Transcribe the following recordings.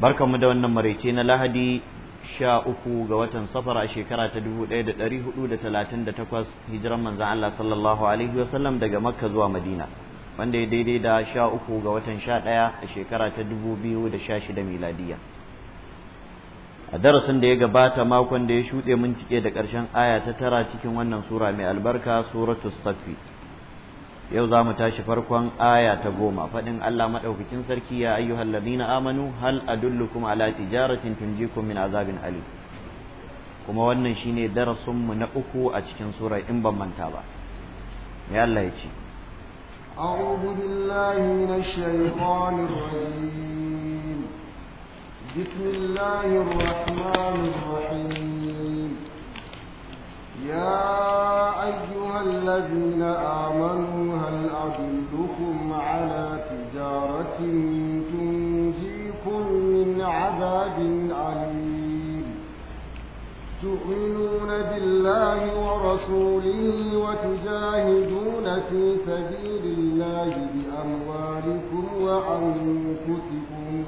barkanmu da wannan maraice na lahadi sha uku ga watan safar a shekara ta dubu ɗaya da ɗari hudu da talatin da takwas hijiran manzan Allah sallallahu alaihi sallam daga makka zuwa madina wanda ya daidai da sha uku ga watan sha ɗaya a shekara ta dubu biyu da sha shida miladiya a darasin da ya gabata makon da ya shuɗe mun cike da ƙarshen aya ta tara cikin wannan sura mai albarka suratul safi yau za mu tashi farkon aya ta goma faɗin Allah maɗaukakin sarki ya ayyuhal ladina amanu hal adullukum ala tijaratin tunjikum min azabin Ali, kuma wannan shine darasin mu na uku a cikin sura in ban manta ba me Allah ya ce أعوذ بالله من الشيطان الرجيم بسم الله الرحمن الرحيم يا أيها الذين آمنوا هل أدلكم على تجارة تنجيكم من عذاب أليم تؤمنون بالله ورسوله وتجاهدون في سبيل الله بأموالكم وأنفسكم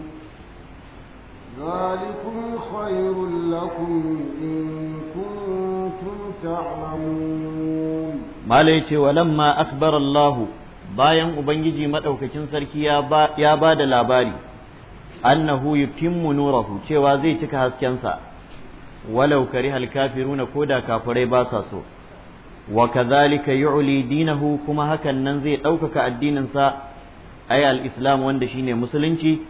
ذلكم خير لكم إن تعلمون ما ليتي ولما أخبر bayan Ubangiji maɗaukakin sarki ya ba da labari annahu yutimmu nurahu cewa zai cika haskensa walau kari halkafiruna ko da kafirai ba sa so wa kazalika yu'li dinahu kuma hakan nan zai ɗaukaka addininsa ay al-islam wanda shine musulunci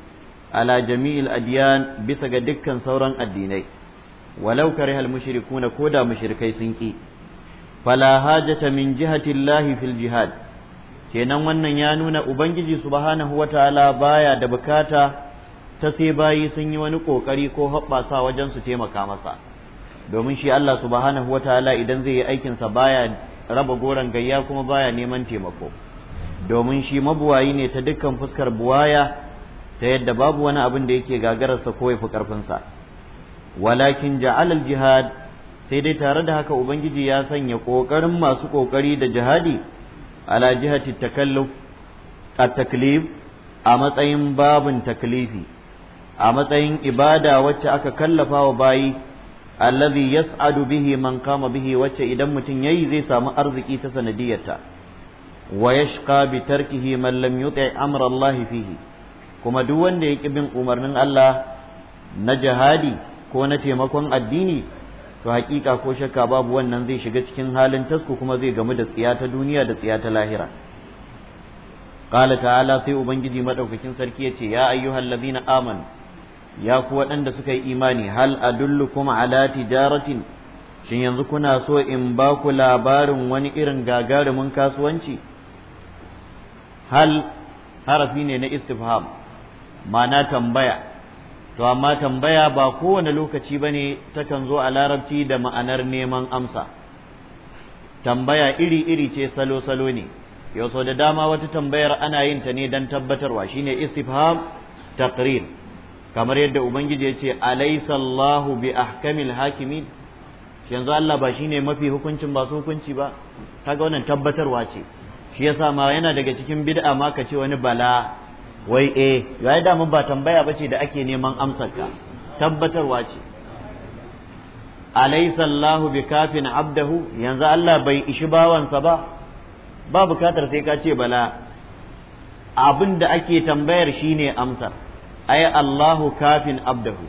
ala jami'il adiyan bisa ga dukkan sauran addinai Walaukar karihal ko da mushirikai sun ƙi. fala hajata min jihati Allah fil jihad kenan wannan ya nuna ubangiji subhanahu wataala baya da bukata ta sai bayi sun yi wani kokari ko hoɓɓasa wajen su taimaka masa domin shi Allah subhanahu wataala idan zai yi aikinsa baya raba goron gayya kuma baya neman taimako domin shi mabuwayi ne ta dukkan fuskar buwaya ta yadda babu wani abin da yake gagararsa ko ya fi ƙarfinsa walakin al jihad sai dai tare da haka ubangiji ya sanya kokarin masu kokari da jihadi ala jihati takalluf at-taklif a matsayin babin taklifi a matsayin ibada wacce aka kallafa wa bayi allazi yas'adu bihi man kama bihi wacce idan mutum yayi zai samu arziki ta sanadiyarta wa yashqa bi tarkihi man lam yuti amra allahi fihi kuma duk wanda ya bin umarnin Allah na jihadi ko na taimakon addini to haƙiƙa ko shakka babu wannan zai shiga cikin halin tasku kuma zai gamu da tsiya ta duniya da tsiya ta lahira qala ta'ala sai ubangiji madaukakin sarki yace ya ayyuhal ladina Aman ya ku waɗanda suka yi imani hal adullukum ala tijaratin shin yanzu kuna so in ba ku labarin wani irin gagarumin kasuwanci hal harafi ne na istifham ma'ana tambaya to amma tambaya ba kowane lokaci bane takan zo a larabci da ma'anar neman amsa tambaya iri-iri ce salo-salo ne yau sau da dama wata tambayar ana yin ta ne don tabbatarwa shine istifham taqrir kamar yadda ubangiji ya ce alaysa Allahu bi ahkamil hakimin yanzu Allah ba shine mafi hukuncin ba su hukunci ba kaga wannan tabbatarwa ce shi yasa ma yana daga cikin bid'a ma ka ce wani bala wai eh Ya yi ba tambaya ba ce da ake neman amsar ka tabbatarwa ce alaysa bi kafin abdahu yanzu Allah bai ishi bawansa ba ba bukatar sai ka ce bala abin da ake tambayar shine amsar ai Allahu kafin abdahu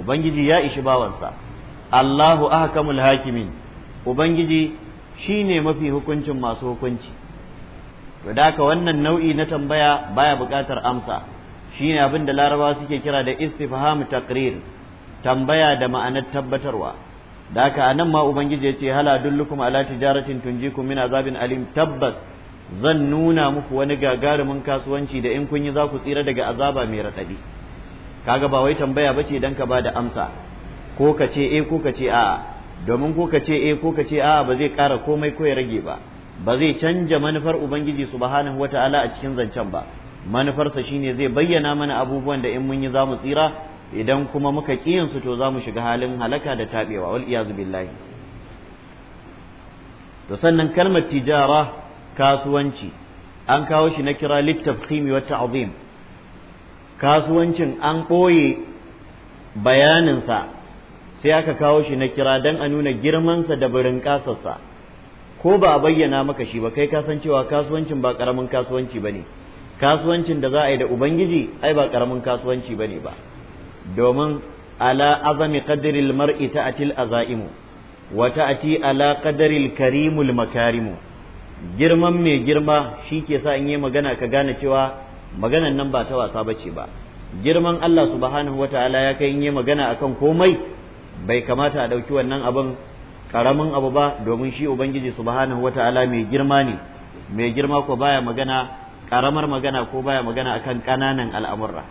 ubangiji ya ishi bawansa Allahu ahkamul hakimin ubangiji shi ne mafi hukuncin masu hukunci to da wannan nau'i na tambaya baya buƙatar amsa shi ne abin da larabawa suke kira da istifham taqrir tambaya da ma'anar tabbatarwa da haka anan ma ubangiji ya ce hala dullukum ala tijaratin tunjikum min azabin alim tabbas zan nuna muku wani gagarumin kasuwanci da in kun yi za ku tsira daga azaba mai raɗaɗi kaga ba wai tambaya bace dan ka bada amsa ko ka ce eh ko ka ce a'a domin ko ka ce eh ko ka ce a'a ba zai ƙara komai ko ya rage ba ba zai canja manufar ubangiji subhanahu wata'ala a cikin zancen ba manufarsa shine zai bayyana mana abubuwan da in mun yi zamu tsira idan kuma muka kiyansu su to zamu shiga halin halaka da taɓewa. wal iyazu billahi to sannan kalmar tijara kasuwanci an kawo shi na kira litattaf-kimi wata kasuwancin an ɓoye bayaninsa sai aka kawo shi na kira don a nuna girmansa da barinkasarsa. ko ba a bayyana maka shi ba kai ka san cewa kasuwancin ba karamin kasuwanci bane kasuwancin da za a yi da ubangiji ai ba karamin kasuwanci bane ba domin ala azami qadril mar'i ta'til azaimu wa ta'ti ala qadril karimul makarimu girman mai girma shi ke sa in yi magana ka gane cewa maganan nan ba ta wasa bace ba girman Allah subhanahu wata'ala ya kai in yi magana akan komai bai kamata a ɗauki wannan abin karamin abu ba domin shi ubangiji subhanahu ta'ala mai girma ne mai girma ko baya magana karamar magana ko baya magana akan kananan al'amurra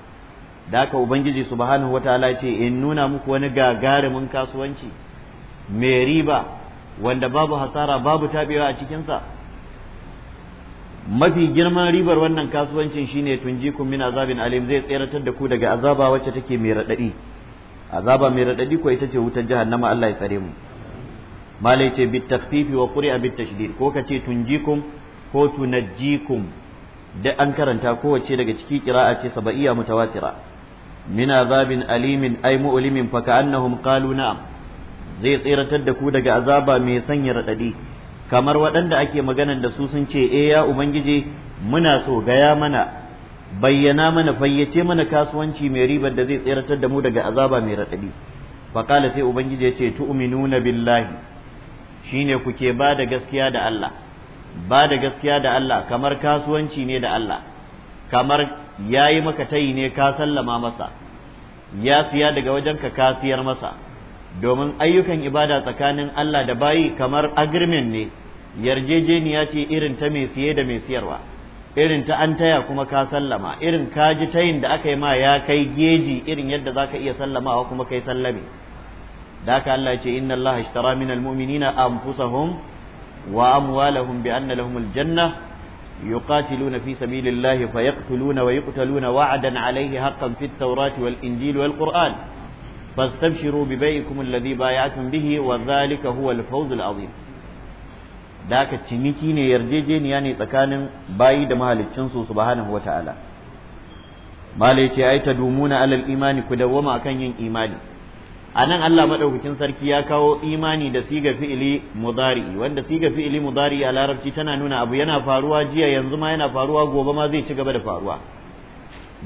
da haka ubangiji subhanahu ta'ala ce in nuna muku wani gagarumin kasuwanci mai riba wanda babu hasara babu tabewa a cikinsa mafi girman ribar wannan kasuwancin shine ne min azabin alim zai tseratar da ku daga azaba wacce take mai radadi azaba mai radadi ko ita ce wutar jahannama Allah ya tsare mu malai ce bit takfifi wa quri'a bit tashdid ko kace tunjikum ko tunajjikum da an karanta kowace daga ciki qira'a ce sab'iyya mutawatira min azabin alimin ay mu'limin fa ka'annahum qalu na'am zai tsiratar da ku daga azaba mai sanya radadi kamar waɗanda ake maganar da su sun ce e ya ubangiji muna so gaya mana bayyana mana fayyace mana kasuwanci mai ribar da zai tseratar da mu daga azaba mai raɗaɗi faƙala sai ubangiji ya ce tu'minuna billahi shine kuke ba da gaskiya da Allah ba da gaskiya da Allah kamar kasuwanci ne da Allah kamar ya yi maka tayi ne ka sallama masa ya siya daga wajen ka siyar masa domin ayyukan ibada tsakanin Allah da bayi kamar agreement ne yarjejeniya ce irin ta mai siye da mai siyarwa irin ta an taya kuma ka sallama irin ka ji tayin da aka yi ma ya kai geji irin yadda za ka iya sallamawa kuma kai sallame da haka Allah ce inna Allah ishtara min almu'minina anfusahum wa amwalahum bi anna lahum aljanna yuqatiluna fi sabilillahi fayaqtuluna wa yuqtaluna wa'dan alayhi haqqan fit tawrati wal injili wal qur'an فاستبشروا ببيعكم الذي بايعتم به وذلك هو الفوز العظيم da haka ciniki ne yarjejeniya ne tsakanin bayi da mahaliccinsu subhanahu wa ta'ala malai ce ai ta dumuna alal imani ku dawwama akan yin imani A nan Allah madaukakin sarki ya kawo imani da siga fi'ili mudari wanda siga fi'ili mudari a larabci tana nuna abu yana faruwa jiya yanzu ma yana faruwa gobe ma zai ci gaba da faruwa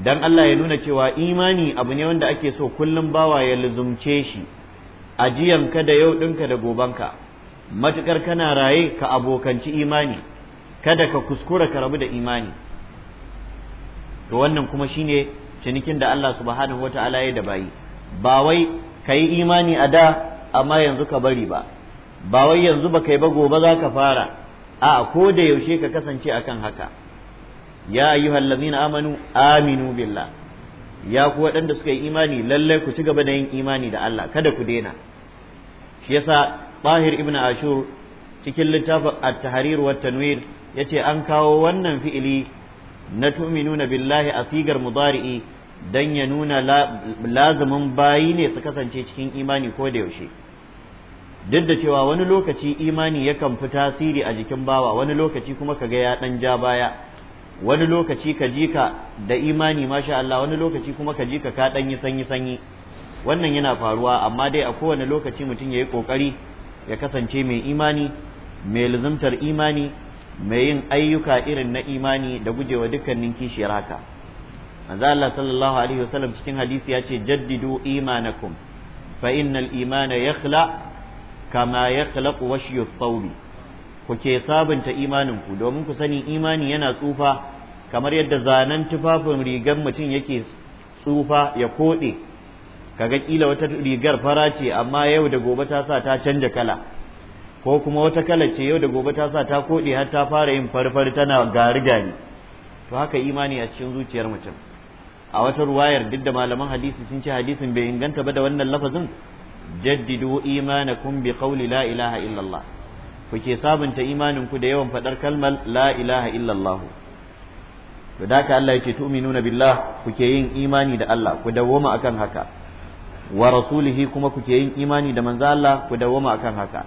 dan Allah ya nuna cewa imani abu ne wanda ake so kullum bawa ya luzumce shi a ka da yau ɗinka da gobanka matukar kana raye ka abokanci imani kada ka kuskura ka rabu da imani to wannan kuma shine cinikin da Allah subhanahu wata'ala ya da bayi ba wai ka yi imani a da amma yanzu ka bari ba ba wai yanzu ba kai ba gobe za ka fara a ko da yaushe ka kasance akan haka ya ayyuhal na amanu aminu billah ya ku waɗanda suka yi imani lallai ku ci gaba da yin imani da Allah kada ku daina shi yasa bahir ibn Ashur cikin littafin At-Tahrir wa Tanwir yace an kawo wannan fi'ili na tu'minuna billahi a sigar mudari'i don ya nuna lazumin bayi ne su kasance cikin imani ko da yaushe duk da cewa wani lokaci imani yakan fi tasiri a jikin bawa wani lokaci kuma ka ga ya ja baya wani lokaci ka ji ka da imani masha Allah wani lokaci kuma ka ji ka ka dan yi sanyi sanyi wannan yana faruwa amma dai a kowane lokaci mutum ya yi kokari ya kasance mai imani mai luzumtar imani mai yin ayyuka irin na imani da gujewa dukkanin kishiyar haka manzo Allah sallallahu alaihi wasallam cikin hadisi ya ce jaddidu imanakum fa innal imana yakhla kama yakhlaqu washyu thawbi ku ke sabunta imanin ku domin ku sani imani yana tsufa kamar yadda zanen tufafin rigar mutum yake tsufa ya koɗe kaga kila wata rigar fara ce amma yau da gobe ta sa ta canja kala ko kuma wata kala ce yau da gobe ta sa ta koɗe har ta fara yin farfar tana gari gari to haka imani a cikin zuciyar mutum a wata ruwayar duk da malaman hadisi sun ce hadisin bai inganta ba da wannan lafazin jaddidu imanakum bi qawli la ilaha illallah kuke sabunta imanin ku da yawan fadar kalmar la ilaha illallah to da ka Allah yake tu'minuna billah kuke yin imani da Allah ku dawwama akan haka wa rasulihi kuma kuke yin imani da manzo Allah ku dawwama akan haka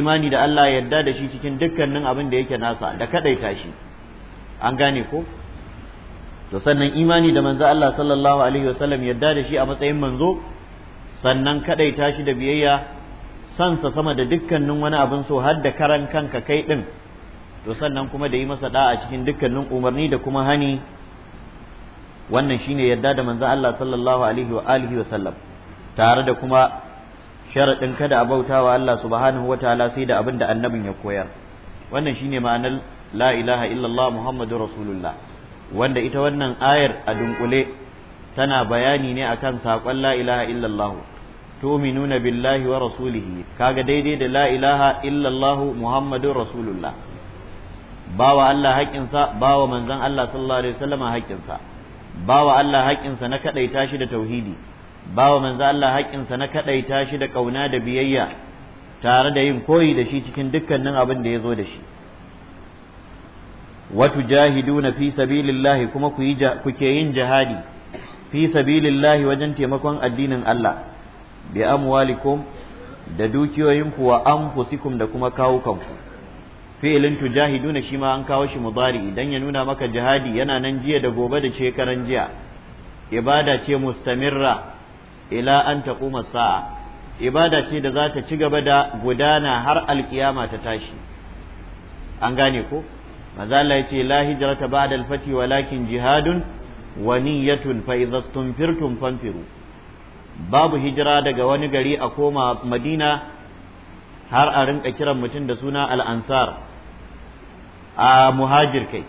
imani da Allah yadda da shi cikin dukkanin abin da yake nasa da kadaita shi an gane ko to sannan imani da manzo Allah sallallahu alaihi wasallam yadda da shi a matsayin manzo sannan kadai shi da biyayya sansa sama da dukkanin wani abin so har da karan kanka kai din to sannan kuma da yi masa da'a cikin dukkanin umarni da kuma hani wannan shine yadda da manzo Allah sallallahu alaihi wa alihi wasallam tare da kuma sharadin kada a bautawa Allah subhanahu wataala sai da abin da annabin ya koyar wannan shine ma'anar la ilaha illallah muhammadur rasulullah wanda ita wannan ayar a dunkule tana bayani ne akan saƙon la ilaha illallah tu'minuna billahi wa rasulihi kaga daidai da la ilaha illallah muhammadur rasulullah bawa Allah haƙƙinsa bawa manzon Allah sallallahu alaihi wasallam haƙƙinsa bawa Allah haƙƙinsa na kadaita shi da tauhidi bawa manzon Allah haƙƙinsa na kadaita shi da kauna da biyayya tare da yin koyi da shi cikin dukkanin abin da ya zo da shi wa tujahiduna fi sabilillahi kuma ku yi kuke yin jihadi fi sabilillahi wajen taimakon addinin Allah bi amwalikum da dukiyoyinku wa anfusikum da kuma kawukanku tujahidu na shi ma an kawo shi mudari idan ya nuna maka jihadi yana nan jiya da gobe da shekaran jiya ibada ce mustamirra ila an taquma sa'a ibada ce da za ta ci gaba da gudana har alkiyama ta tashi an gane ko maza Allah yace la hijrata ba da fath walakin jihadun wa niyyatun fa idza stunfirtum fanfiru babu hijira daga wani gari a koma Madina har a rinka kiran mutum da suna al-ansar a muhajir kai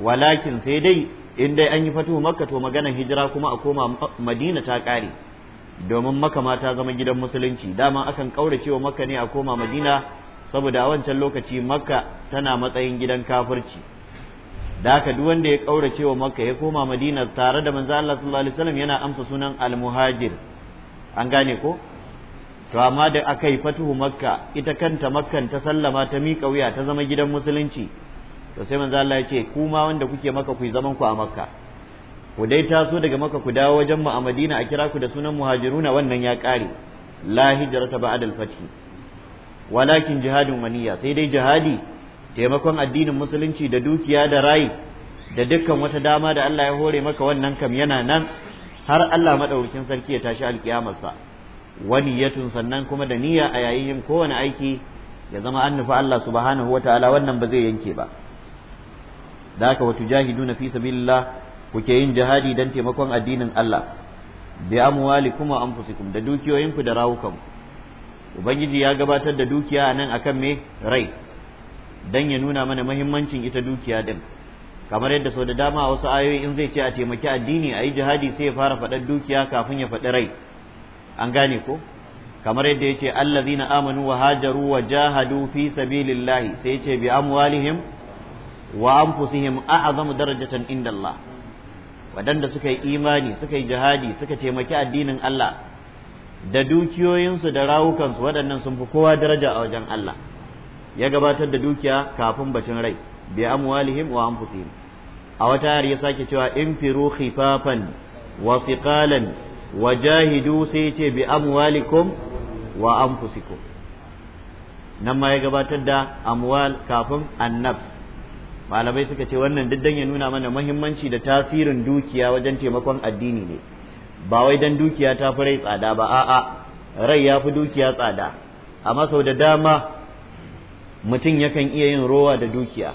walakin sai dai in dai an yi fatuhu makka to maganar hijira kuma a koma Madina ta kare domin makka ma ta zama gidan musulunci dama akan kaurace wa makka ne a koma Madina saboda a wancan lokaci makka tana matsayin gidan kafirci da haka duk wanda ya kaurace cewa makka ya koma madina tare da manzo Allah sallallahu alaihi wasallam yana amsa sunan al-muhajir an gane ko to amma da aka yi fatuhu makka ita kanta makkan ta sallama ta miƙa wuya ta zama gidan musulunci to sai manzo Allah ya ce ku ma wanda kuke Makka ku yi zaman ku a makka ku dai taso daga maka ku dawo wajen mu a madina a kira ku da sunan muhajiruna wannan ya kare la hijrata ba'da al walakin jihadin waniya sai dai jihadi taimakon addinin musulunci da dukiya da rai da dukkan wata dama da Allah ya hore maka wannan kam yana nan har Allah madaukakin sarki ya tashi alkiyamarsa waniyatun sannan kuma da niyya a yayin yin kowane aiki ya zama an nufi Allah subhanahu wataala wannan ba zai yanke ba da haka jahidu jahiduna fi sabilillah kuke yin jihadi dan taimakon addinin Allah bi amwalikum wa anfusikum da dukiyoyinku da rawukanku ubangiji ya gabatar da dukiya a nan akan me rai don ya nuna mana mahimmancin ita dukiya din kamar yadda sau da dama a wasu ayoyi in zai ce a taimaki addini a yi jihadi sai ya fara faɗar dukiya kafin ya faɗi rai an gane ko kamar yadda yace allazina amanu wa hajaru wa jahadu fi sabilillahi sai yace bi amwalihim wa anfusihim a'zamu darajatan inda waɗanda wadanda suka yi imani suka yi jihadi suka taimaki addinin Allah da dukiyoyinsu da rawukansu waɗannan sun fi kowa daraja a wajen Allah ya gabatar da dukiya kafin batun rai bi amwalihim wa anfusihim a wata hari ya sake cewa infiru khifafan wa thiqalan wa jahidu sai ce bi amwalikum wa anfusikum nan ma ya gabatar da amwal kafin annab malamai suka ce wannan duk ya nuna mana muhimmanci da tasirin dukiya wajen taimakon addini ne ba wai dan dukiya ta fi rai tsada ba a'a rai ya fi dukiya tsada amma sau da dama mutum yakan iya yin rowa da dukiya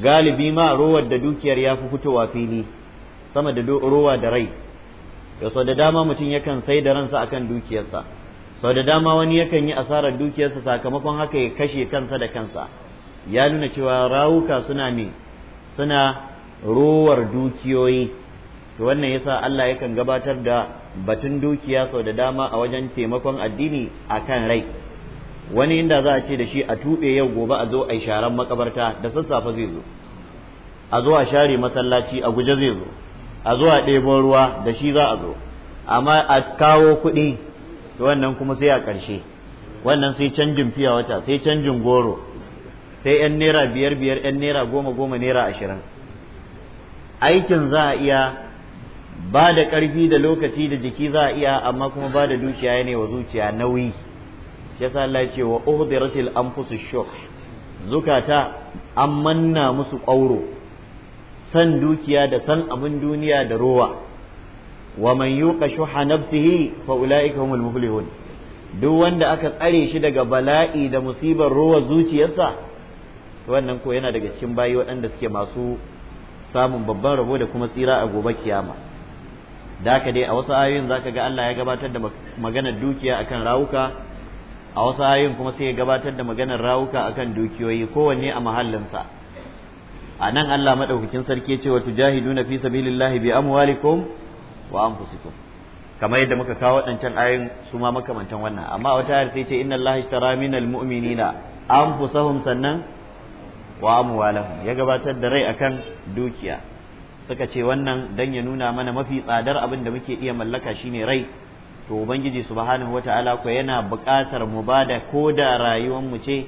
galibi ma rowar da dukiyar ya fi fitowa fili sama da rowa da rai da sau da dama mutum yakan sai da ransa akan dukiyarsa sau da dama wani yakan yi asarar dukiyarsa sakamakon haka ya kashe kansa da kansa ya nuna cewa rawuka suna ne suna rowar dukiyoyi to wannan yasa Allah yakan gabatar da batun dukiya sau da dama a wajen taimakon addini a kan rai wani inda za a ce da shi a tuɓe yau gobe a zo a sharan makabarta da sassafe zai zo a zo a share masallaci a guje zai zo a zo a ɗebo ruwa da shi za a zo amma a kawo kuɗi to wannan kuma sai a ƙarshe wannan sai canjin fiya wata sai canjin goro sai 'yan naira biyar biyar 'yan naira goma goma naira ashirin aikin za a iya ba da ƙarfi da lokaci da jiki za a iya amma kuma ba da dukiya ya ne wa zuciya nauyi shi yasa Allah ce wa uhdiratil anfusu shuh zukata an manna musu ƙauro san dukiya da san abin duniya da rowa wa man yuqa shuha nafsihi fa ulaika humul muflihun duk wanda aka tsare shi daga bala'i da musibar rowa zuciyarsa wannan ko yana daga cikin bayi waɗanda suke masu samun babban rabo da kuma tsira a gobe kiyama da haka dai a wasu ayoyin zaka ga Allah ya gabatar da maganar dukiya akan rawuka a wasu ayoyin kuma sai ya gabatar da maganar rawuka akan dukiyoyi kowanne a mahallinsa a nan Allah madaukakin sarki ya ce wa tujahiduna fi sabilillahi bi amwalikum wa anfusikum kamar yadda muka kawo waɗancan ayoyin su ma makamantan wannan amma wata ayar sai ce inna Allah ishtara minal mu'minina anfusahum sannan wa amwalahum ya gabatar da rai akan dukiya suka ce wannan dan ya nuna mana mafi tsadar abin da muke iya mallaka shine rai to ubangiji subhanahu wataala ko yana buƙatar mu bada ko da rayuwar mu ce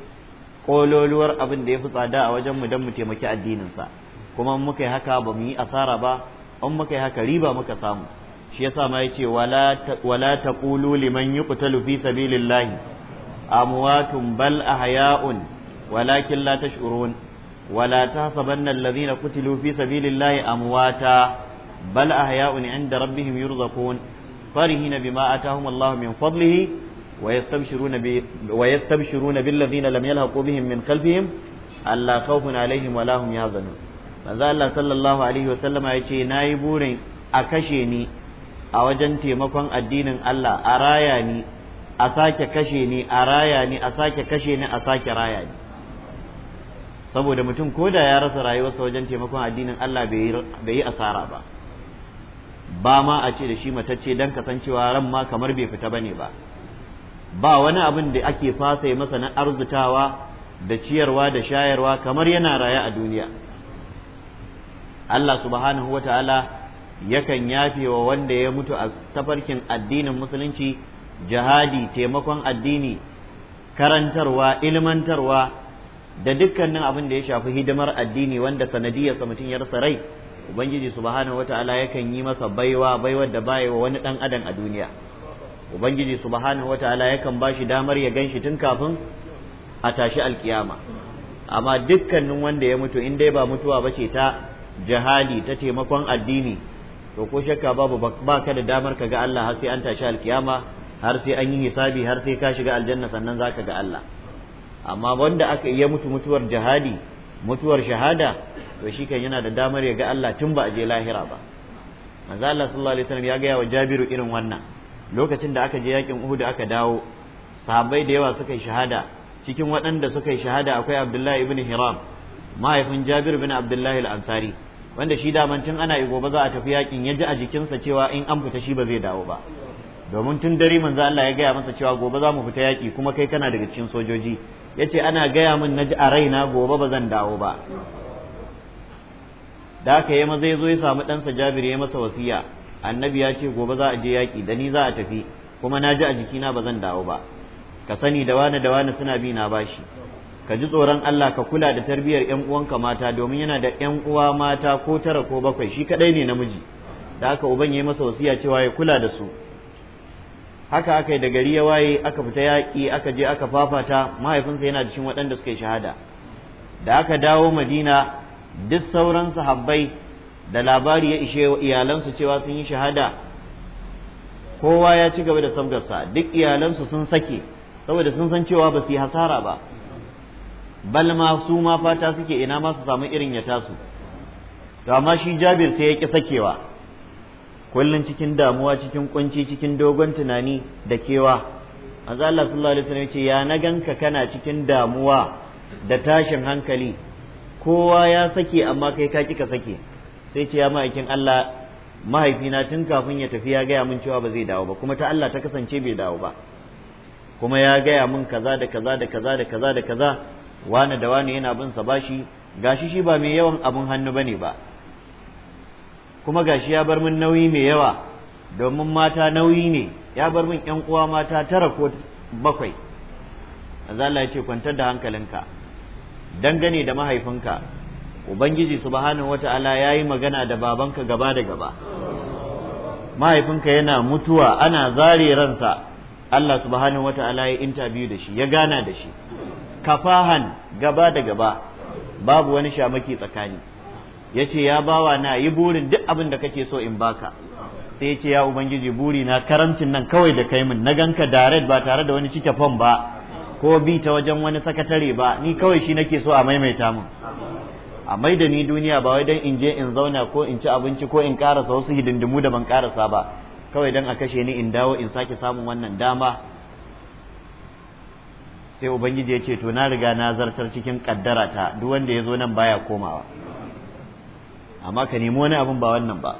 kololuwar abin da ya fi tsada a wajen mu dan mu taimaki addinin sa kuma in muka yi haka ba mu yi asara ba in muka yi haka riba muka samu shi yasa ma yace wala wala taqulu liman yuqtalu fi sabilillahi amwatun bal ahya'un walakin la tash'urun ولا تحسبن الذين قتلوا في سبيل الله أمواتا بل أحياء عند ربهم يرزقون فرحين بما آتاهم الله من فضله ويستبشرون ب... ويستبشرون بالذين لم يلحقوا بهم من خلفهم ألا خوف عليهم ولا هم يحزنون manzo Allah sallallahu alaihi wasallama ya ce na yi burin a kashe ni a wajen taimakon addinin Allah a raya ni a sake kashe ni a raya ni a sake kashe ni a sake raya ni saboda mutum ko da ya rasa rayuwarsa wajen taimakon addinin Allah bai yi asara ba ba ma a ce da shi matacce don kasancewa ran ma kamar bai fita bane ba ba wani abin da ake fasa masa na arzutawa da ciyarwa da shayarwa kamar yana raye a duniya Allah subhanahu wa ta'ala yakan yafe wa wanda ya mutu a tafarkin addinin musulunci jihadi taimakon addini karantarwa ilmantarwa da dukkanin abin da ya shafi hidimar addini wanda sanadiyarsa mutum ya rasa rai ubangiji subhanahu wataala yakan yi masa baiwa baiwar da baya wa wani dan adam a duniya ubangiji subhanahu wataala yakan shi damar ya ganshi tun kafin a tashi alkiyama amma dukkanin wanda ya mutu in dai ba mutuwa ba ce ta jihadi ta taimakon addini to ko shakka babu ba ka da damar ka ga Allah har sai an tashi alkiyama har sai an yi hisabi har sai ka shiga aljanna sannan zaka ga Allah amma wanda aka iya mutu mutuwar jihadi mutuwar shahada to shi kan yana da damar ya ga Allah tun ba a je lahira ba manzo Allah sallallahu alaihi wasallam ya ga wa Jabiru irin wannan lokacin da aka je yakin Uhud aka dawo sahabbai da yawa suka yi shahada cikin waɗanda suka yi shahada akwai Abdullahi ibn Hiram mahaifin Jabiru bin Abdullahi al-Ansari wanda shi daman tun ana yi gobe za a tafi yakin ya ji a jikinsa cewa in an fita shi ba zai dawo ba domin tun dare manzo Allah ya gaya masa cewa gobe za mu fita yaki kuma kai kana daga cikin sojoji Ya ce ana gaya min na ji a raina gobe ba zan dawo ba da aka yi maza ya zo ya samu ɗansa jabir ya masa wasiya annabi ya ce gobe za a je yaƙi da ni za a tafi kuma na ji a jikina ba zan dawo ba ka sani da wani da wani suna bi na bashi ka ji tsoron Allah ka kula da tarbiyyar ƴan uwanka mata domin yana da ƴan uwa mata ko tara ko bakwai shi kaɗai ne namiji da aka uban ya masa wasiya cewa ya kula da su haka aka yi da gari ya waye aka fita yaƙi aka je aka fafata mahaifinsa yana cikin waɗanda suka yi shahada da aka dawo madina duk sauran sahabbai da labari ya ishe iyalansu cewa sun yi shahada kowa ya ci gaba da sabgarsa duk iyalansu sun sake saboda sun san cewa ba su yi hasara ba bal ma su ma fata suke ina ma su samu irin ya tasu to amma shi jabir sai ya ƙi sakewa kullum cikin damuwa cikin kunci cikin dogon tunani da kewa manzo Allah sallallahu alaihi wasallam yace ya na ganka kana cikin damuwa da tashin hankali kowa ya sake amma kai ka kika sake sai ce ya ma'aikin Allah mahaifina tun kafin ya tafi ya gaya mun cewa ba zai dawo ba kuma ta Allah ta kasance bai dawo ba kuma ya gaya mun kaza da kaza da kaza da kaza da kaza wani da wani yana bin sa bashi gashi shi ba mai yawan abun hannu bane ba kuma gashi ya bar min nauyi mai yawa domin mata nauyi ne ya bar min ƴan uwa mata tara ko bakwai azala ya ce kwantar da hankalinka dangane da mahaifinka ubangiji subhanahu wata'ala ya yi magana da babanka gaba da gaba mahaifinka yana mutuwa ana zare ransa Allah subhanahu wata'ala ya interview da shi ya gana da shi kafahan gaba da gaba babu wani shamaki tsakani ya ce ya bawa na yi burin duk abin da kake so in baka sai ce ya ubangiji buri na karamcin nan kawai da kai min na ganka direct ba tare da wani cike fom ba ko bi ta wajen wani sakatare ba ni kawai shi nake so a maimaita mun. a mai da ni duniya ba wai dan in je in zauna ko in ci abinci ko in karasa wasu hidindimu da ban karasa ba kawai dan a kashe ni in dawo in sake samun wannan dama sai ubangiji ya ce to na riga na zartar cikin kaddara ta duk wanda ya zo nan baya komawa amma ka nemi wani abin ba wannan ba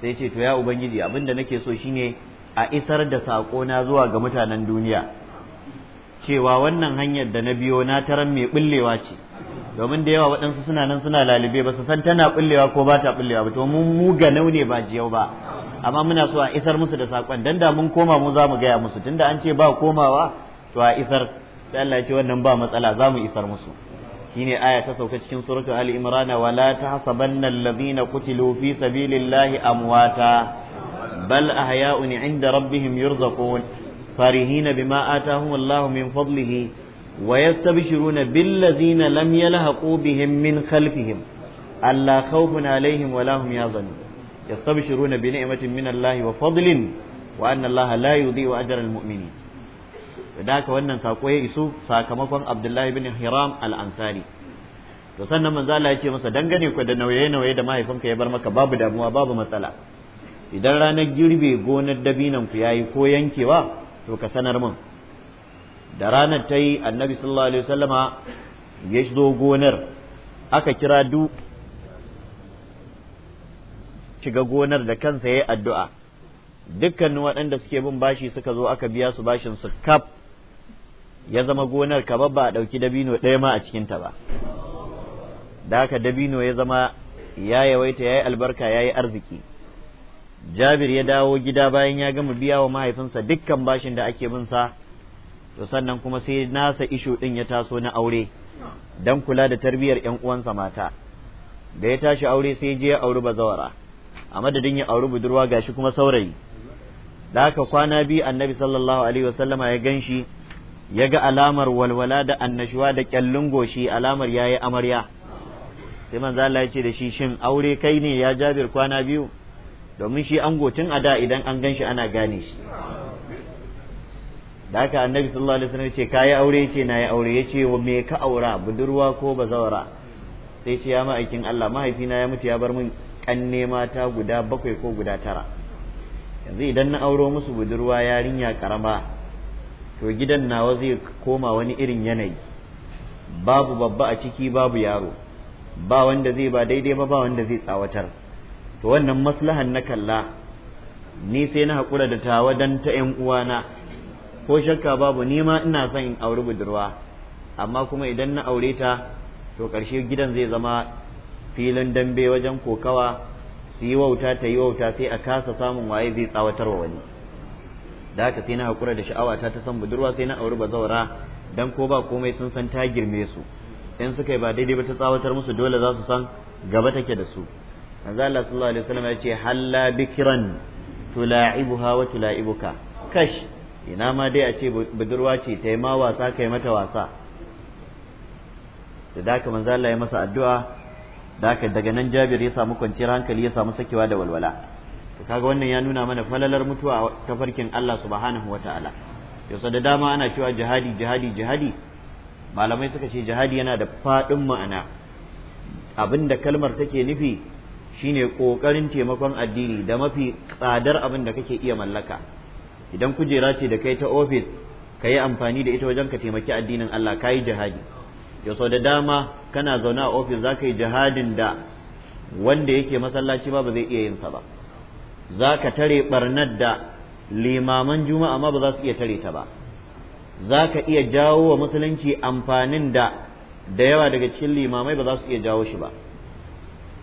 sai ce to ya ubangiji abin da nake so shine a isar da sako na zuwa ga mutanen duniya cewa wannan hanyar da na biyo na taran mai bullewa ce domin da yawa waɗansu suna nan suna lalube ba su san tana bullewa ko ba ta bullewa ba to mun mu ga ne ba jiyau ba amma muna so a isar musu da sakon dan da mun koma mu za mu gaya musu tunda an ce ba komawa to a isar sai Allah ya ce wannan ba matsala za mu isar musu shine aya ta sauka cikin suratu ali imran wala bannan lazina qutilu fi sabilillahi amwata bal ahya'un 'inda rabbihim yurzaqun farihina bima atahum Allahu min fadlihi ويستبشرون بالذين لم يلحقوا بهم من خلفهم ألا خوف عليهم ولا هم يحزنون يستبشرون بنعمة من الله وفضل وأن الله لا يضيع أجر المؤمنين da aka wannan sako ya isu sakamakon Abdullahi bin Hiram al-Ansari to sannan manzo Allah ya ce masa dangane ku da nauye-nauye da mahaifinka ya bar maka babu damuwa babu matsala idan ranar girbe gonar dabinan ku yayi ko yankewa to ka sanar min da ranar ta yi annabi sallallahu alaihi wasallama ya zo gonar aka kira du shiga gonar da kansa ya yi addu'a dukkanin waɗanda suke bin bashi suka zo aka biya su bashin su kaf ya zama gonar ka ba a ɗauki dabino ɗaya ma a cikinta ba da haka dabino ya zama ya yawaita ya yi albarka ya yi arziki jabir ya dawo gida bayan ya gama biya wa mahaifinsa dukkan bashin da ake bin sa to sannan kuma sai nasa isho ɗin ya taso na aure don kula da tarbiyyar 'yan uwansa mata da ya tashi aure sai je ya auri bazawara a madadin ya auri budurwa gashi kuma saurayi da haka kwana biyu annabi sallallahu alaihi wasallama ya gan shi ya ga alamar walwala da annashuwa da kyallin goshi alamar ya yi amarya sai manzo Allah ya ce da shi shin aure kai ne ya jabir kwana biyu domin shi an gotin a da idan an gan shi ana gane shi da haka annabi sallallahu alaihi wasallam ya ce kayi aure ce na yi aure ya ce wa me ka aura budurwa ko bazawara sai ce ya ma'aikin Allah mahaifina ya mutu ya bar min kanne mata guda bakwai ko guda tara yanzu idan na auro musu budurwa yarinya karama to gidan nawa zai koma wani irin yanayi babu babba a ciki babu yaro ba wanda zai ba daidai ba ba wanda zai tsawatar to wannan maslahan na kalla ni sai na hakura da tawa dan ta yan uwana ko shakka babu ni ma ina son in auri budurwa amma kuma idan na aure ta to ƙarshe gidan zai zama filin dambe wajen kokawa su yi wauta ta yi wauta sai a kasa samun waye zai tsawatarwa wani da haka sai na hakura da sha'awa ta ta san budurwa sai na auri ba zaura dan ko ba komai sun san ta girme su in suka yi ba daidai ba ta tsawatar musu dole za su san gaba take da su manzo Allah sallallahu alaihi wasallam ya ce halla bikran tula'ibuha wa tula'ibuka kash ina ma dai a ce budurwa ce ta yi ma wasa kai mata wasa da haka manzo Allah ya masa addu'a da daga nan Jabir ya samu kwanciyar hankali ya samu sakewa da walwala kaga wannan ya nuna mana falalar mutuwa ta farkin Allah subhanahu wataala yau da dama ana cewa jihadi jihadi jihadi malamai suka ce jihadi yana da faɗin ma'ana abinda kalmar take nufi shine ƙoƙarin taimakon addini da mafi tsadar abin da kake iya mallaka idan kujera ce da kai ta ofis ka yi amfani da ita wajen ka taimaki addinin Allah ka yi jihadi yau da dama kana zaune a ofis za ka yi jihadin da wanda yake masallaci ba ba zai iya yin sa ba za ka tare ɓarnar da limaman juma'a ma ba za su iya tare ta ba za ka iya jawo wa musulunci amfanin da da yawa daga cikin limamai ba za su iya jawo shi ba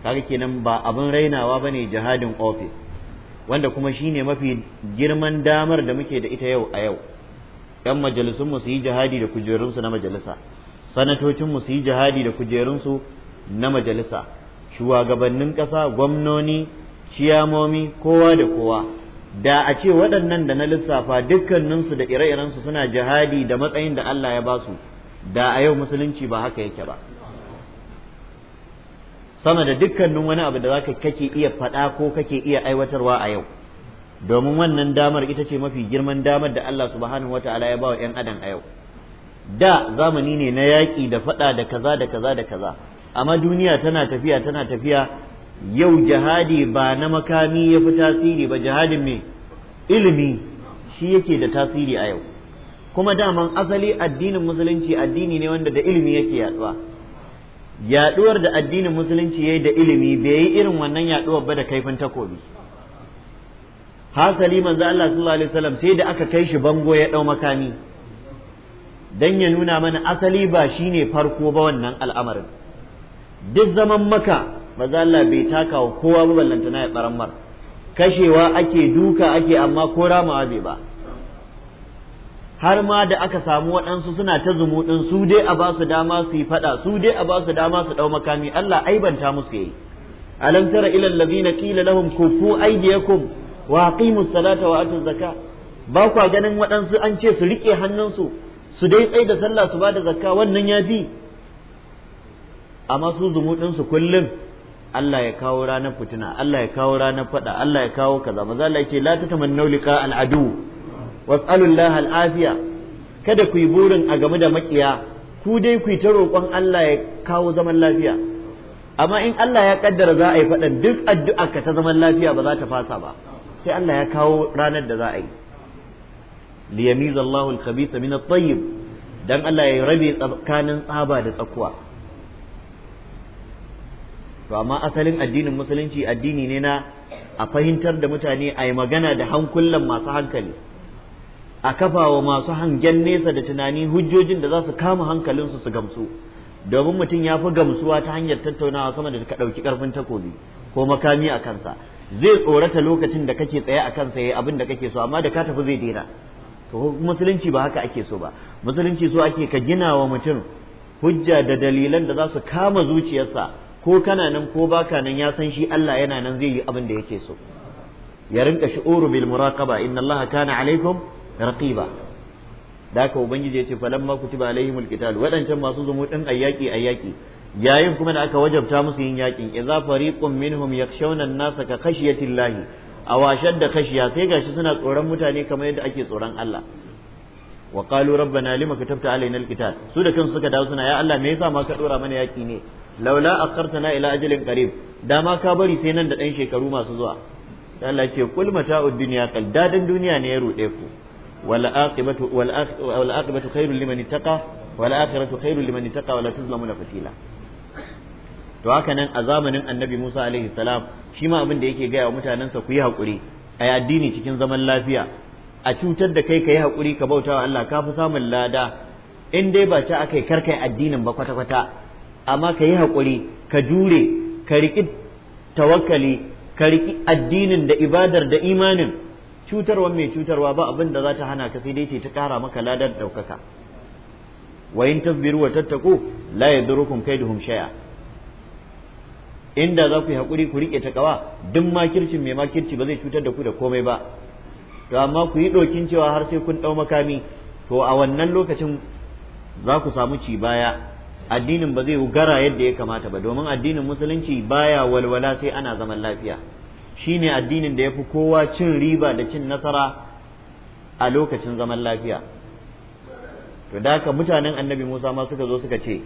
kaga kenan ba abin rainawa ba ne jihadin ofis wanda kuma shi ne mafi girman damar da muke da ita yau a yau yan majalisunmu su yi jihadi da kujerunsu na majalisa sanatocinmu su yi jihadi da kujerunsu na majalisa shugabannin ƙasa gwamnoni ciyamomi kowa da kowa da a ce waɗannan da na lissafa dukkaninsu da ire-irensu suna jihadi da matsayin da Allah ya ba su da a yau musulunci ba haka yake ba sama da dukkanin wani abu da zaka kake iya faɗa ko kake iya aiwatarwa a yau domin wannan damar ita ce mafi girman damar da Allah su subhanahu ala ya ba wa 'yan adam a yau da zamani ne na yaƙi da faɗa da kaza da kaza da kaza amma duniya tana tafiya tana tafiya yau jihadi ba na makami ya fi tasiri ba jihadin mai ilimi shi yake da tasiri a yau kuma daman asali addinin musulunci addini ne wanda da ilimi yake yaduwa yaduwar da addinin musulunci ya yi da ilimi bai yi irin wannan yaduwar ba da kaifin takobi hasali manzo Allah sallallahu alaihi wasallam sai da aka kai shi bango ya ɗau makami dan ya nuna mana asali ba shine farko ba wannan al'amarin duk zaman maka maza Allah bai taka wa kowa ba na ya tsaran mar kashewa ake duka ake amma ko ramawa bai ba har ma da aka samu waɗansu suna ta ɗin su dai a ba su dama su yi faɗa su dai a ba su dama su ɗau makami Allah aibanta musu yayi alam tara ila allazina qila lahum kufu aydiyakum wa aqimus salata wa atuz zakat ba kwa ganin waɗansu an ce su rike hannunsu su dai tsaye da sallah su ba da zakka wannan ya bi amma su zumuɗinsu kullum Allah ya kawo ranar fitina Allah ya kawo ranar fada Allah ya kawo kaza maza Allah yake la tatamannu liqa al adu was'alu Allah al afiya kada ku yi burin a game da makiya ku dai ku yi ta roƙon Allah ya kawo zaman lafiya amma in Allah ya kaddara za a yi fadan duk addu'a ka ta zaman lafiya ba za ta fasa ba sai Allah ya kawo ranar da za a yi liyamiza Allahu al khabitha min at tayyib dan Allah ya rabe tsakanin tsaba da tsakuwa to amma asalin addinin musulunci addini ne na a fahimtar da mutane a yi magana da hankulan masu hankali a kafawa masu hangen nesa da tunani hujjojin da za su kama hankalinsu su gamsu domin mutum ya fi gamsuwa ta hanyar tattaunawa sama da ka ɗauki ƙarfin takobi ko makami a kansa zai tsorata lokacin da kake tsaye a kansa ya yi abin da kake so amma da ka tafi zai daina to musulunci ba haka ake so ba musulunci so ake ka gina wa mutum hujja da dalilan da za su kama zuciyarsa ko kana nan ko baka nan ya san shi Allah yana nan zai yi abin da yake so ya rinka shu'uru bil muraqaba inna Allah kana alaikum raqiba da ka ubangiji ya ce falamma kutiba alaihimul qital wadancan masu zumu din ayyaki ayyaki yayin kuma da aka wajabta musu yin yakin idza fariqun minhum yakhshawna an-nasa ka khashyati A washar da kashiya sai gashi suna tsoron mutane kamar yadda ake tsoron Allah wa qalu rabbana lima katabta alaina al-qital su da kansu suka dawo suna ya Allah me yasa ma ka dora mana yaki ne laula akhartana ila ajalin karib dama ka bari sai nan da ɗan shekaru masu zuwa sai Allah ce kul mata'ud dunya kal dadin duniya ne ya ruɗe ku wal aqibatu wal aqibatu khairul liman ittaqa wal akhiratu khairul liman ittaqa wala tuzlamuna fatila to haka nan a zamanin annabi Musa alaihi salam shi ma abin da yake gaya wa mutanensa ku yi haƙuri a addini cikin zaman lafiya a cutar da kai ka yi haƙuri ka bautawa Allah ka fi samun lada in dai ba kar ka karkai addinin ba kwata-kwata amma ka yi haƙuri ka jure ka riƙi tawakkali ka riƙi addinin da ibadar da imanin cutarwa mai cutarwa ba abin da za ta hana ka sai dai ce ta ƙara maka ladar ɗaukaka wa in tasbiru wa tattaku la yadurukum kaiduhum shay'a inda za ku yi haƙuri ku riƙe takawa duk makircin mai makirci ba zai cutar da ku da komai ba to amma ku yi ɗokin cewa har sai kun ɗau makami to a wannan lokacin za ku samu ci baya addinin ba zai gara yadda ya kamata ba domin addinin musulunci baya walwala sai ana zaman lafiya shine addinin da ya fi kowa cin riba da cin nasara a lokacin zaman lafiya to da haka mutanen annabi Musa ma suka zo suka ce